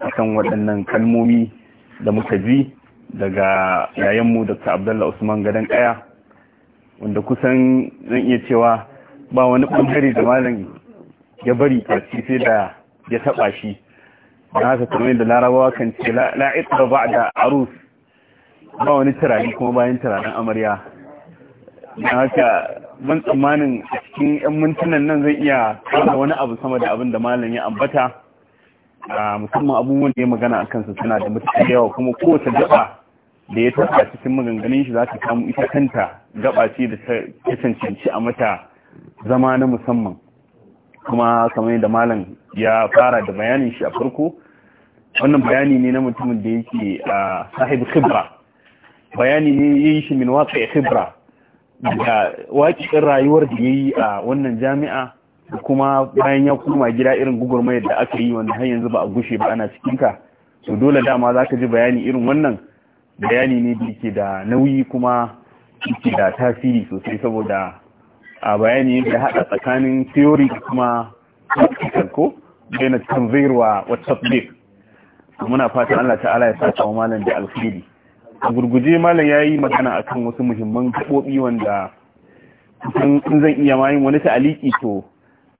akan waɗannan kalmomi da muka ji daga yayan mu Dr. Abdullah Usman Gadan Kaya wanda kusan zan iya cewa ba wani ɓangare da malam ya bari farci sai da ya taɓa shi na haka kamar da larabawa kan ce la'id ba da arus ba wani turare kuma bayan turaren amarya na haka ban tsammanin a cikin 'yan mintunan nan zai iya kama wani abu sama da abin da malam ya ambata musamman abubuwan da ya magana a kansa suna da matuƙar yawa kuma kowace gaba da ya taɓa cikin maganganun shi za ta samu ita kanta gaba ce da ta cancanci a mata zama na musamman kuma kamar da malam ya fara da bayanin shi a farko wannan bayani ne na mutumin da yake a sahibu khibra bayani ne ya yi shi min ya khibra da wakilin rayuwar da ya yi a wannan jami'a da kuma bayan ya koma gida irin gugurma da aka yi wanda har yanzu ba a gushe ba ana cikin ka to dole dama ka ji bayani irin wannan bayani ne da yake da nauyi kuma yake da tasiri sosai saboda a bayani da haɗa tsakanin theory da kuma practical ko bayan tanzirwa wa tatbiq muna fatan Allah ta'ala ya saka wa malam da alfili a gurguje malam ya yi magana a kan wasu muhimman gaɓoɓi wanda in zan iya mayin wani ta'aliki to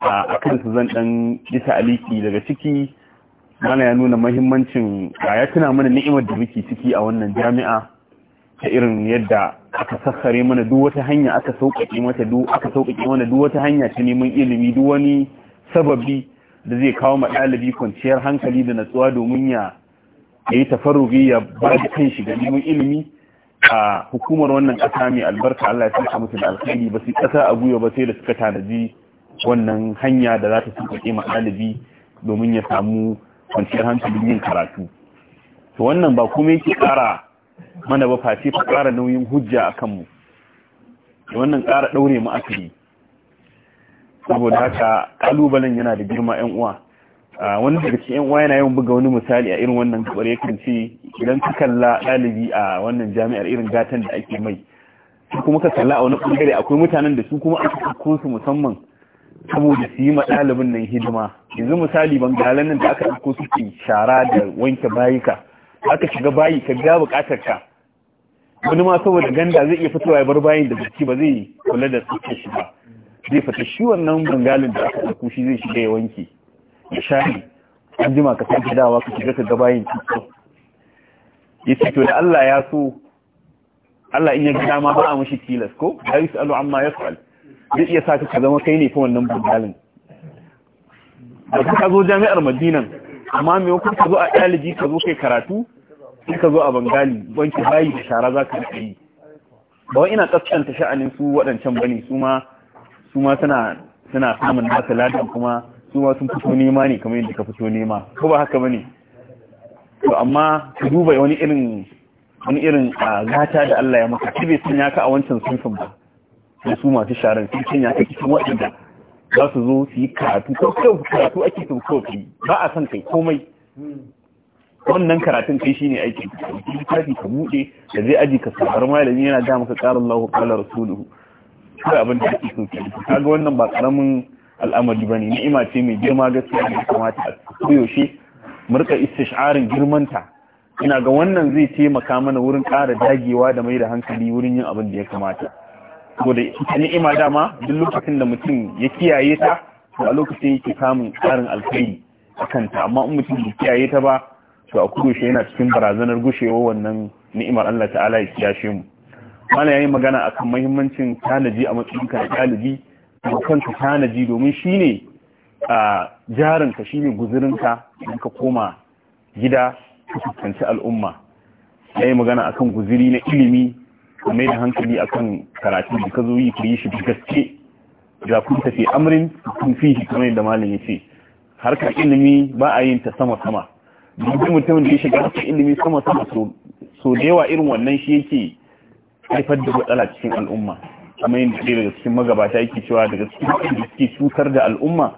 a kan su zan ɗan yi ta'aliki daga ciki malam ya nuna mahimmancin ya tuna mana ni'imar da muke ciki a wannan jami'a ta irin yadda aka sassare mana duk wata hanya aka sauƙaƙe mata duk aka sauƙaƙe mana duk wata hanya ta neman ilimi duk wani sababi da zai kawo ma ɗalibi kwanciyar hankali da natsuwa domin ya ya yi tafarugi ya ba da kan shi ga neman ilimi a hukumar wannan ƙasa mai albarka Allah ya saka musu da alkhairi ba su ƙasa a gwiwa ba sai da suka tanaji wannan hanya da za ta sauƙaƙe ma ɗalibi domin ya samu kwanciyar hankalin yin karatu to wannan ba kuma yake ƙara mana ba face fa ƙara nauyin hujja a kanmu da wannan ƙara ɗaure mu akari saboda haka ƙalubalen yana da girma 'yan uwa wani daga cikin yan uwa yana yawan buga wani misali a irin wannan kabar yakan ce idan ka kalla ɗalibi a wannan jami'ar irin gatan da ake mai kuma ka kalla a wani bangare akwai mutanen da su kuma aka ɗauko su musamman saboda su yi ma ɗalibin nan hidima yanzu misali bangalan nan da aka ɗauko su ke shara da wanke bayika aka shiga bayi ka ga buƙatar ka wani ma saboda ganda zai iya fitowa ya bar bayin da jiki ba zai kula da tsaftar shi ba zai fita shi wannan bangalin da aka ɗauko shi zai shiga ya wanke ya shani an jima ka sake dawa ka shiga ka yin cikin ya ce to da Allah ya so Allah in ya ga dama ba a mashi tilas ko ya yi su'alu amma ya su'al zai iya sa ka zama kai ne fi wannan bugalin da ka zo jami'ar madinan amma me wakil ka zo a ɗalibi ka zo kai karatu sai ka zo a bangali wanke bayi da shara za ka yi ba wa ina kaskanta sha'anin su waɗancan bane su ma su ma suna suna samun nasa ladan kuma su ma sun fito nema ne kamar yadda ka fito nema ko ba haka bane to amma ka duba wani irin wani irin gata da Allah ya maka kibe sun ka a wancan sunfin ba Sun su masu sharan sun canya ka cikin waɗanda za su zo su yi karatu ko kai karatu ake sun ko kai ba a son kai komai wannan karatun kai shine aikin ki littafi ka buɗe da zai aji ka sabar malami yana da maka qala Allahu qala rasuluhu kai abin da ake so ka ga wannan ba karamin al'amari ne ni'ima ce mai girma gaskiya da kamata a koyaushe murka isa istish'arin girmanta ina ga wannan zai taimaka mana wurin ƙara dagewa da mai da hankali wurin yin abin da ya kamata saboda ita ni'ima dama duk lokacin da mutum ya kiyaye ta to a lokacin yake samun ƙarin alkhairi a kanta amma in mutum bai kiyaye ta ba to a kudushe yana cikin barazanar gushewa wannan ni'imar Allah ta'ala ya kiyashe mu mana yi magana akan muhimmancin tanaji a matsayin ka ɗalibi da kanka tanaji domin shi ne a jarinka shi ne guzurinka don ka koma gida ka fuskanci al'umma ya yi magana akan guziri na ilimi a mai da hankali akan karatun da ka zo yi ka yi shi gaske da kun tafi amrin kun fi shi kamar yadda malin ya ce harkar ilimi ba a yin ta sama sama duk mutumin da ya shiga harkar ilimi sama sama so da yawa irin wannan shi yake haifar da matsala cikin al'umma kamar yadda ɗaya daga cikin magabata yake cewa daga cikin da suke cutar da al'umma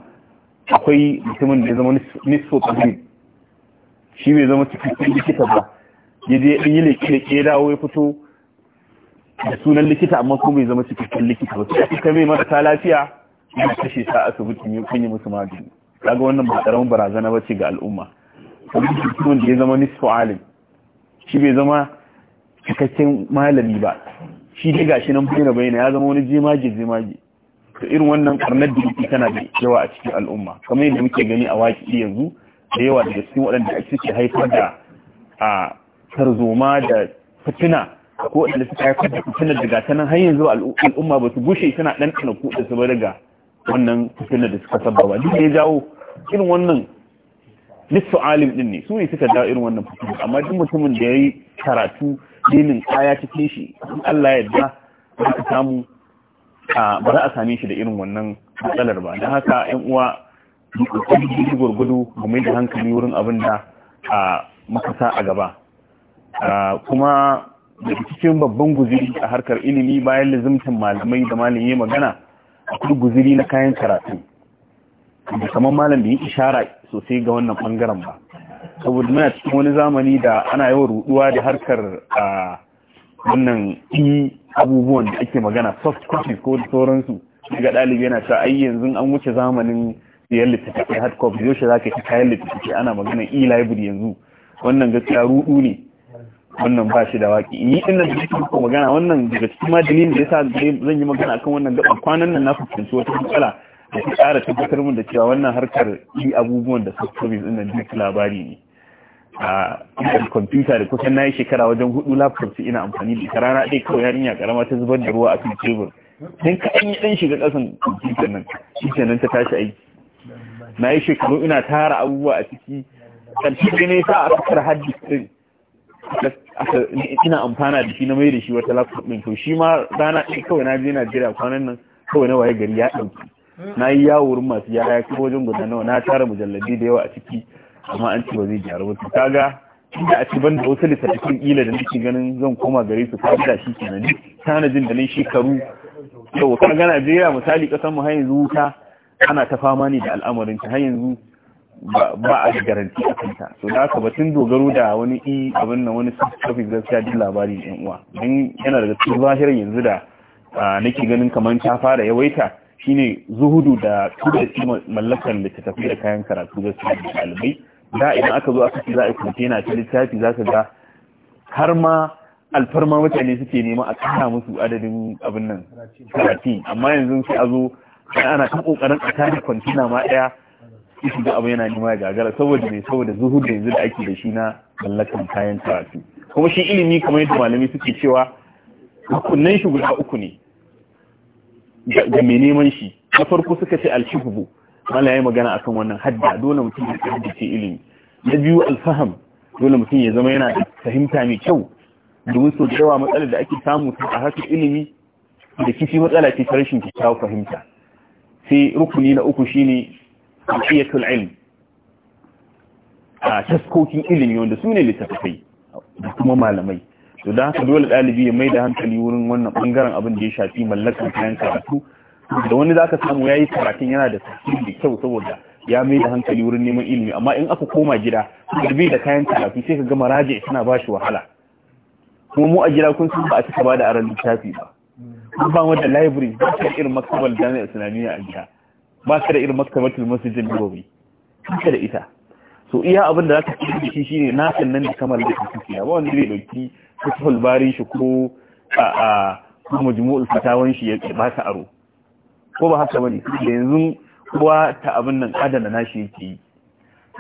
akwai mutumin da ya zama nisfo ƙasir shi bai zama cikin likita ba ya je yi leƙe da ƙe dawo ya fito da sunan likita amma kuma bai zama cikin likita ba sai ka mai marasa lafiya ya kashe sa ne ya yi musu magani kaga wannan ba karamin barazana ba ce ga al'umma kuma mutumin da ya zama nisfo alim shi bai zama cikakken malami ba shi dai gashi nan bai bayyana ya zama wani jemage jemage to irin wannan karnar da yake tana da yawa a cikin al'umma kamar yadda muke gani a waki yanzu da yawa daga cikin waɗanda ake ke haifar da a tarzoma da fitina ko waɗanda suka haifar da fitinar daga ta nan har yanzu al'umma ba su gushe tana ɗanɗana da su ba daga wannan fitinar da suka ba. duk da ya jawo irin wannan lissu alim ɗin ne su ne suka jawo irin wannan fitinar amma duk mutumin da ya yi karatu dinin kaya cikin shi in Allah ya yarda za ka samu a ba za a same shi da irin wannan matsalar ba don haka yan uwa mu gurgudu ga mai da hankali wurin abin da a makasa a gaba kuma da cikin babban guziri a harkar ilimi bayan lazimtin malamai da malam yi magana akwai guziri na kayan karatu kamar malam da yi ishara sosai ga wannan bangaren ba saboda muna cikin wani zamani da ana yawan ruduwa da harkar a wannan yi abubuwan da ake magana soft copies ko da sauransu daga ɗalibi yana ta ai yanzu an wuce zamanin siyan littattafai hard copy yaushe za ka yi kayan littattafai ana magana e-library yanzu wannan gaskiya rudu ne wannan ba shi da waki ni din nan da nake muku magana wannan daga cikin ma dalilin da yasa zan yi magana akan wannan gaban kwanan nan na fuskanci wata matsala da ta ƙara tabbatar mun da cewa wannan harkar yi abubuwan da subservice ɗin nan duk labari ne a ina kwamfuta da kusan na yi shekara wajen hudu laptop su ina amfani da ita rana ɗaya kawai yarinya karama ta zubar da ruwa a kan tebur dan kaɗan yi ɗan shiga ƙasan kwamfuta nan shi nan ta tashi aiki na yi shekaru ina tara abubuwa a ciki ƙarshe ne sa a kakar hajji ɗin ina amfana da shi na mai da shi wata laptop ɗin to shi ma rana ɗin kawai na je Najeriya kwanan nan kawai na waye gari ya ɗauki na yi yawo wurin masu yara ya kai wajen guda nawa na tara mujalladi da yawa a ciki amma an ci ba zai gyara wasu. kaga inda a ci ban da wasu littattafan ila da nake ganin zan koma gare su kaga da shi kenan tanajin da nan shekaru yau kaga Najeriya misali kasan mu har yanzu wuta ana ta fama ne da al'amarin ta har yanzu ba a garanti a kanta so da haka batun dogaro da wani i abin nan wani subsurface gaskiya duk labarin yan uwa don yana daga cikin zahirar yanzu da ah, nake ganin kamar ta fara yawaita shine zuhudu da shi mallakar littattafai da kayan karatu da su da ɗalibai da idan aka zo aka ce za a yi kwantena ta littafi za ka ga har ma alfarma mutane suke nema a kara musu adadin abin nan karatu amma yanzu sai a zo ana ta kokarin a tare kwantena ma ɗaya shi da abu yana nema ya gagara saboda ne saboda zuhudu yanzu da ake da shi na mallakar kayan karatu kuma shi ilimi kamar yadda malami suke cewa hukunnan shi guda uku ne ga mai neman shi na farko suka ce alhifu mala yi magana a kan wannan hadda dole mutum ya ce ilimi na biyu alfaham dole mutum ya zama yana da fahimta mai kyau domin so da yawa matsalar da ake samu a hakan ilimi da kishi matsala ce ta rashin kyakkyawar fahimta sai rukuni na uku shine alqiyatul ilm a taskokin ilimi wanda su ne littattafai da kuma malamai to da haka dole dalibi ya mai da hankali wurin wannan ɓangaren abin da ya shafi mallakar kayan karatu da wani zaka samu ya yi karatun yana da tasiri da kyau saboda ya mai da hankali wurin neman ilimi amma in aka koma gida bi da kayan karatu sai ka gama raje tana ba shi wahala kuma mu a gida kun san ba a cika ba da aran littafi ba kun ba wanda da library ba ta irin maktabar jami'ar islamiyya a gida ba ka da irin maktabatul masjidin nabawi ba da ita to iya abin da za ka ci shi shine na nan da kamar da kake ba wanda zai dauki fathul barin shi ko a a majmu'ul fatawan shi ya ba ta aro ko ba haka bane da yanzu kowa ta abin nan adana nashi yake yi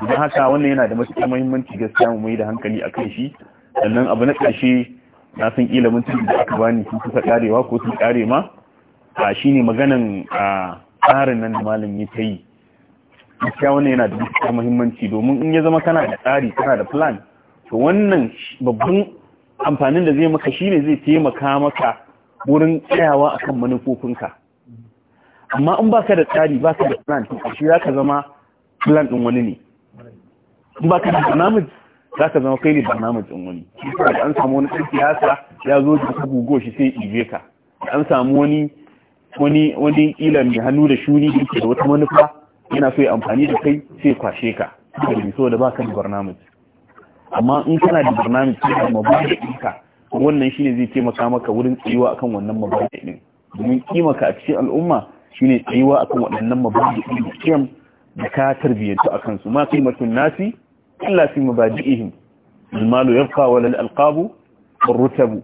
don haka wannan yana da matuƙar muhimmanci gaskiya mu mai da hankali a kan shi sannan abu na ƙarshe na san kila mun da aka bani sun kusa ƙarewa ko sun ƙare ma a shine maganan a tsarin nan da malam ya ta yi gaskiya wannan yana da matuƙar muhimmanci domin in ya zama kana da tsari kana da plan to wannan babban amfanin da zai maka shine zai taimaka maka wurin tsayawa akan manufofinka amma in baka da tsari baka da plan to shi ka zama plan ɗin wani ne in baka da barnamij ka zama kai ne barnamij ɗin wani an samu wani ɗan siyasa ya zo da ka bugo shi sai ibe ka an samu wani wani wani ƙila mai hannu da shuni da wata manufa yana so ya amfani da kai sai kwashe ka saboda so da baka da barnamij amma in kana da barnamij kana da ɗinka wannan shine zai taimaka maka wurin tsayuwa akan wannan mabadi ɗin domin kimaka a cikin al'umma shine tsayuwa akan waɗannan mabadi ɗin da kiyam da ka tarbiyyantu a kansu ma qimatun nasi illa fi mabadi'ihim almalu yabqa wal alqabu warrutabu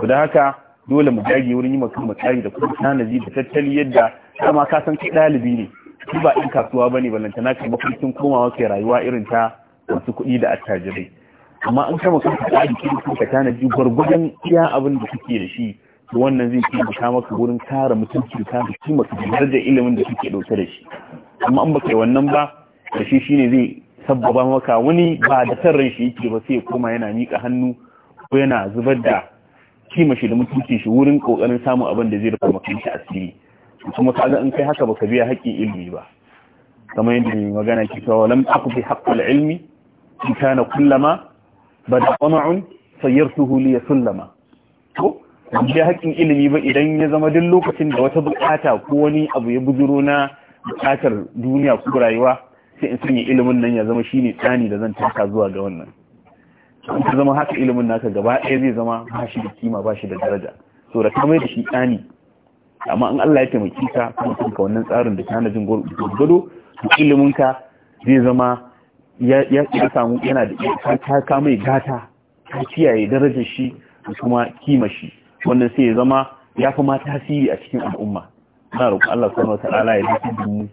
to da haka dole mu dage wurin yi maka matsayi da kuma tanaji da tattali yadda kama ka san kai dalibi ne ba in kasuwa bane balantana kai mafarkin komawa kai rayuwa irin ta masu kuɗi da attajirai amma an kama kanka tsari kirkin ka tanaji gwargwadon iya abin da kake da shi to wannan zai taimaka maka wurin kare mutunci ka da kima ka darajar ilimin da kake ɗauke da shi amma an baka yi wannan ba da shi shine zai sabbaba maka wani ba da san ran shi yake ba sai koma yana miƙa hannu ko yana zubar da kima shi da mutuncin shi wurin kokarin samun abin da zai rufe maka shi asiri kuma kaga in kai haka baka biya haƙƙin ilimi ba kamar yadda magana ke cewa lam aku bi ilmi in kana kullama bada qana'un sayyartuhu li sullama to bai haƙin ilimi ba idan ya zama duk lokacin da wata bukata ko wani abu ya bujuro na bukatar duniya ko rayuwa sai in sanya ilimin nan ya zama shine tsani da zan taka zuwa ga wannan in ka zama haka ilimin naka gaba ɗaya zai zama ba shi da kima ba shi da daraja so da kamar da shi tsani amma in Allah ya taimaki ka kuma kanka wannan tsarin da kana jin gwargwado to ilimin ka zai zama ya samu yana da ta kama mai gata ta kiyaye darajar shi da kuma kima shi wannan sai ya zama ya fi ma tasiri a cikin al'umma na roƙon Allah wata ala ya zafi mu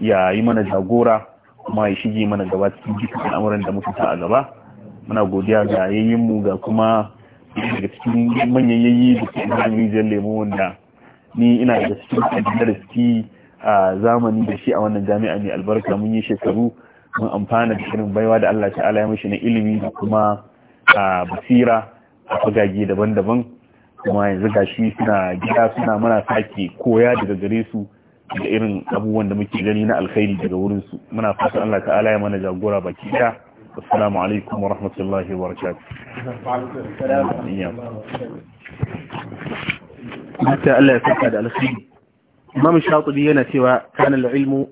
ya yi mana jagora kuma ya shige mana gaba cikin jikin al'amuran da muka ta a gaba muna godiya ga yayinmu ga kuma daga cikin manyan yayi da ke zan rijiyar lemo wanda ni ina da cikin da suke a zamani da shi a wannan jami'a mai albarka mun yi shekaru mun amfana da irin baiwa da Allah ta'ala ya mishi na ilimi da kuma a basira a fagage daban-daban kuma yanzu gashi suna gida suna mana sake koya daga gare su da irin abubuwan da muke gani na alkhairi daga wurin su muna fatan Allah ta'ala ya mana jagora baki daya assalamu alaikum wa rahmatullahi wa barakatuh Allah ya saka da alkhairi Imam Shatibi yana cewa kana al-ilmu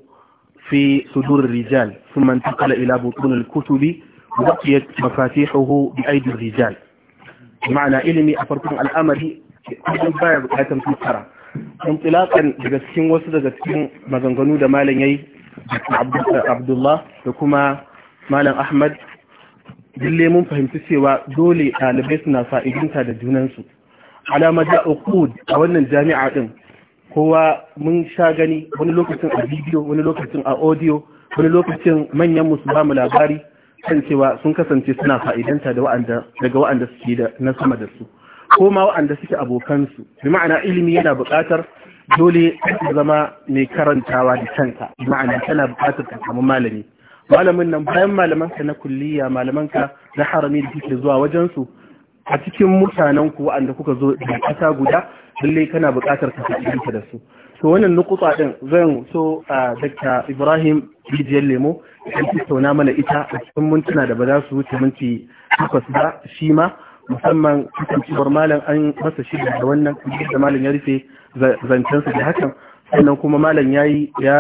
في صدور الرجال ثم انتقل إلى بطون الكتب بقيت مفاتيحه بأيدي الرجال معنى علمي أفركم الأمر kullum baya bukatan fassara intilakan daga cikin wasu daga cikin maganganu da malam yayi Abdullah da kuma malam Ahmad dille mun fahimci cewa dole ɗalibai suna fa'idinta da junansu alama da uqud a wannan jami'a din kowa mun sha gani wani lokacin a bidiyo wani lokacin a audio wani lokacin manyan musu ba mu labari kan cewa sun kasance suna fa'idanta da daga wa'anda suke da na sama da su ko ma wa'anda suke abokansu bi ma'ana ilimi yana buƙatar dole ka zama mai karantawa da kanka bi ma'ana kana buƙatar ka samu malami malamin nan bayan malamanka na kulliya malamanka na harami da kike zuwa wajensu a cikin mutanen ku wanda kuka zo da kasa guda lallai kana buƙatar ka fahimta da su to wannan nukutsa din zan so a dakta Ibrahim Bijiyar Lemo ya tattauna mana ita a cikin mintuna da ba za su wuce minti takwas ba shi ma musamman kasancewar malam an masa shirya da wannan kujiyar da malam ya rufe zancensa da hakan sannan kuma malam ya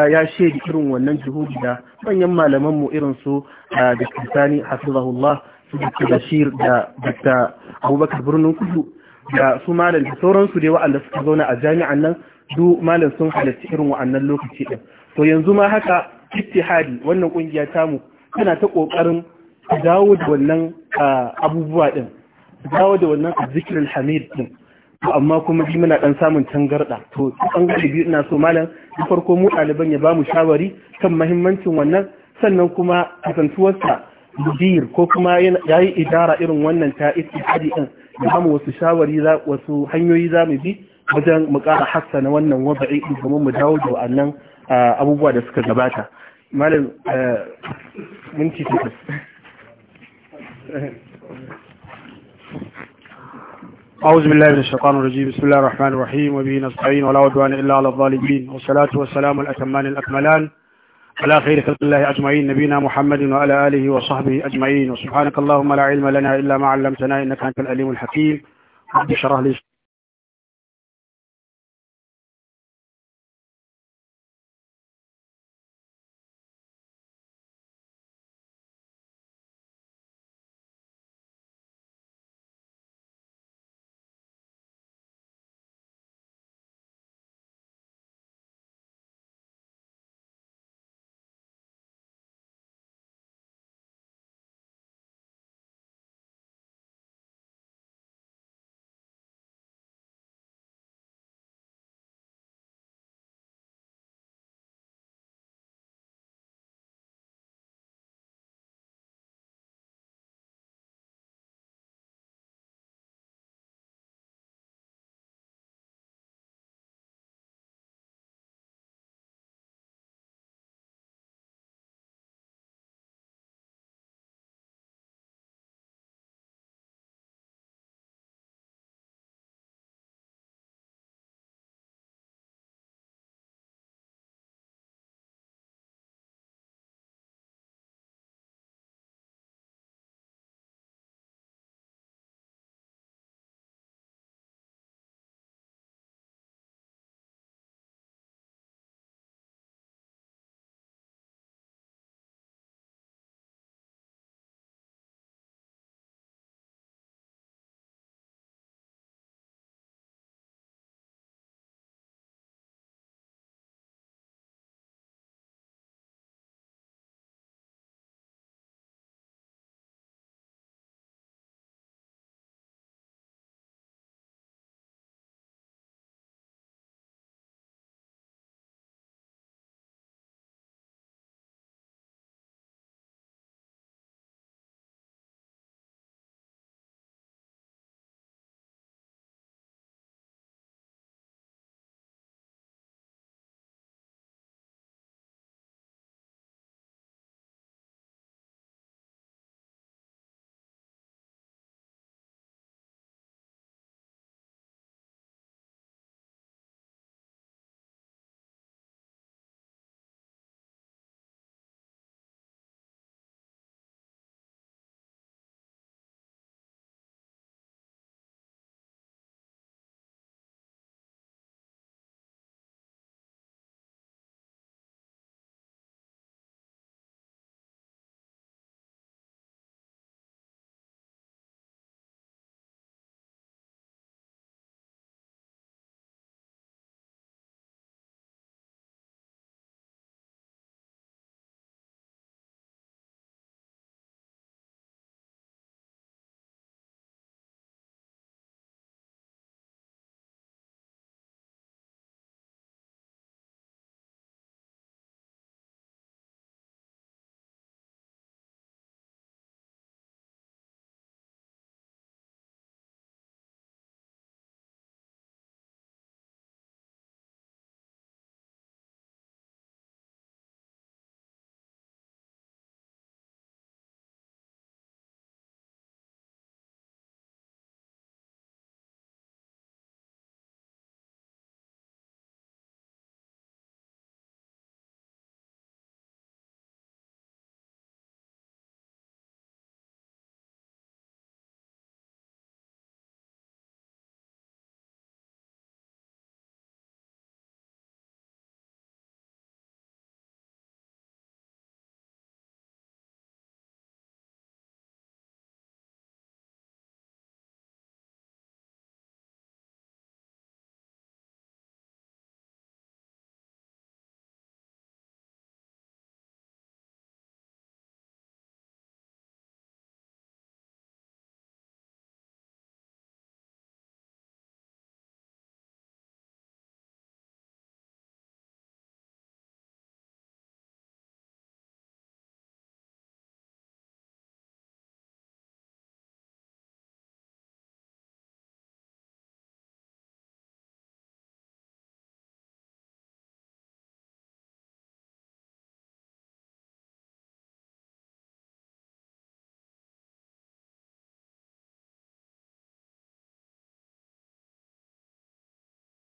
ya shaidi irin wannan juhudi da manyan malamanmu irin su da kirtani hafizahullah da bashir da dr abubakar birnin kudu da su malam da sauransu dai wa'anda suka zauna a jami'an nan du malam sun halarci irin wa'annan lokaci din to yanzu ma haka ittihadi wannan kungiya mu, tana ta kokarin dawo da wannan abubuwa din dawo da wannan zikirin hamid din to amma kuma bi muna dan samun tangarda to bangare biyu ina so malam da farko mu ɗaliban ya bamu shawari kan mahimmancin wannan sannan kuma kasantuwarsa mudir ko kuma ya yi idara irin wannan ta istihadi din da mu wasu shawari za wasu hanyoyi za mu bi wajen mu ƙara hassana wannan waba'i din domin mu dawo da wannan abubuwa da suka gabata malam minti takwas أعوذ بالله من الشيطان الرجيم بسم الله الرحمن الرحيم وبه نستعين ولا عدوان إلا على الظالمين والصلاة والسلام الأتمان الأكملان على خير خلق الله أجمعين نبينا محمد وعلى آله وصحبه أجمعين وسبحانك اللهم لا علم لنا إلا ما علمتنا إنك أنت العليم الحكيم رب اشرح لي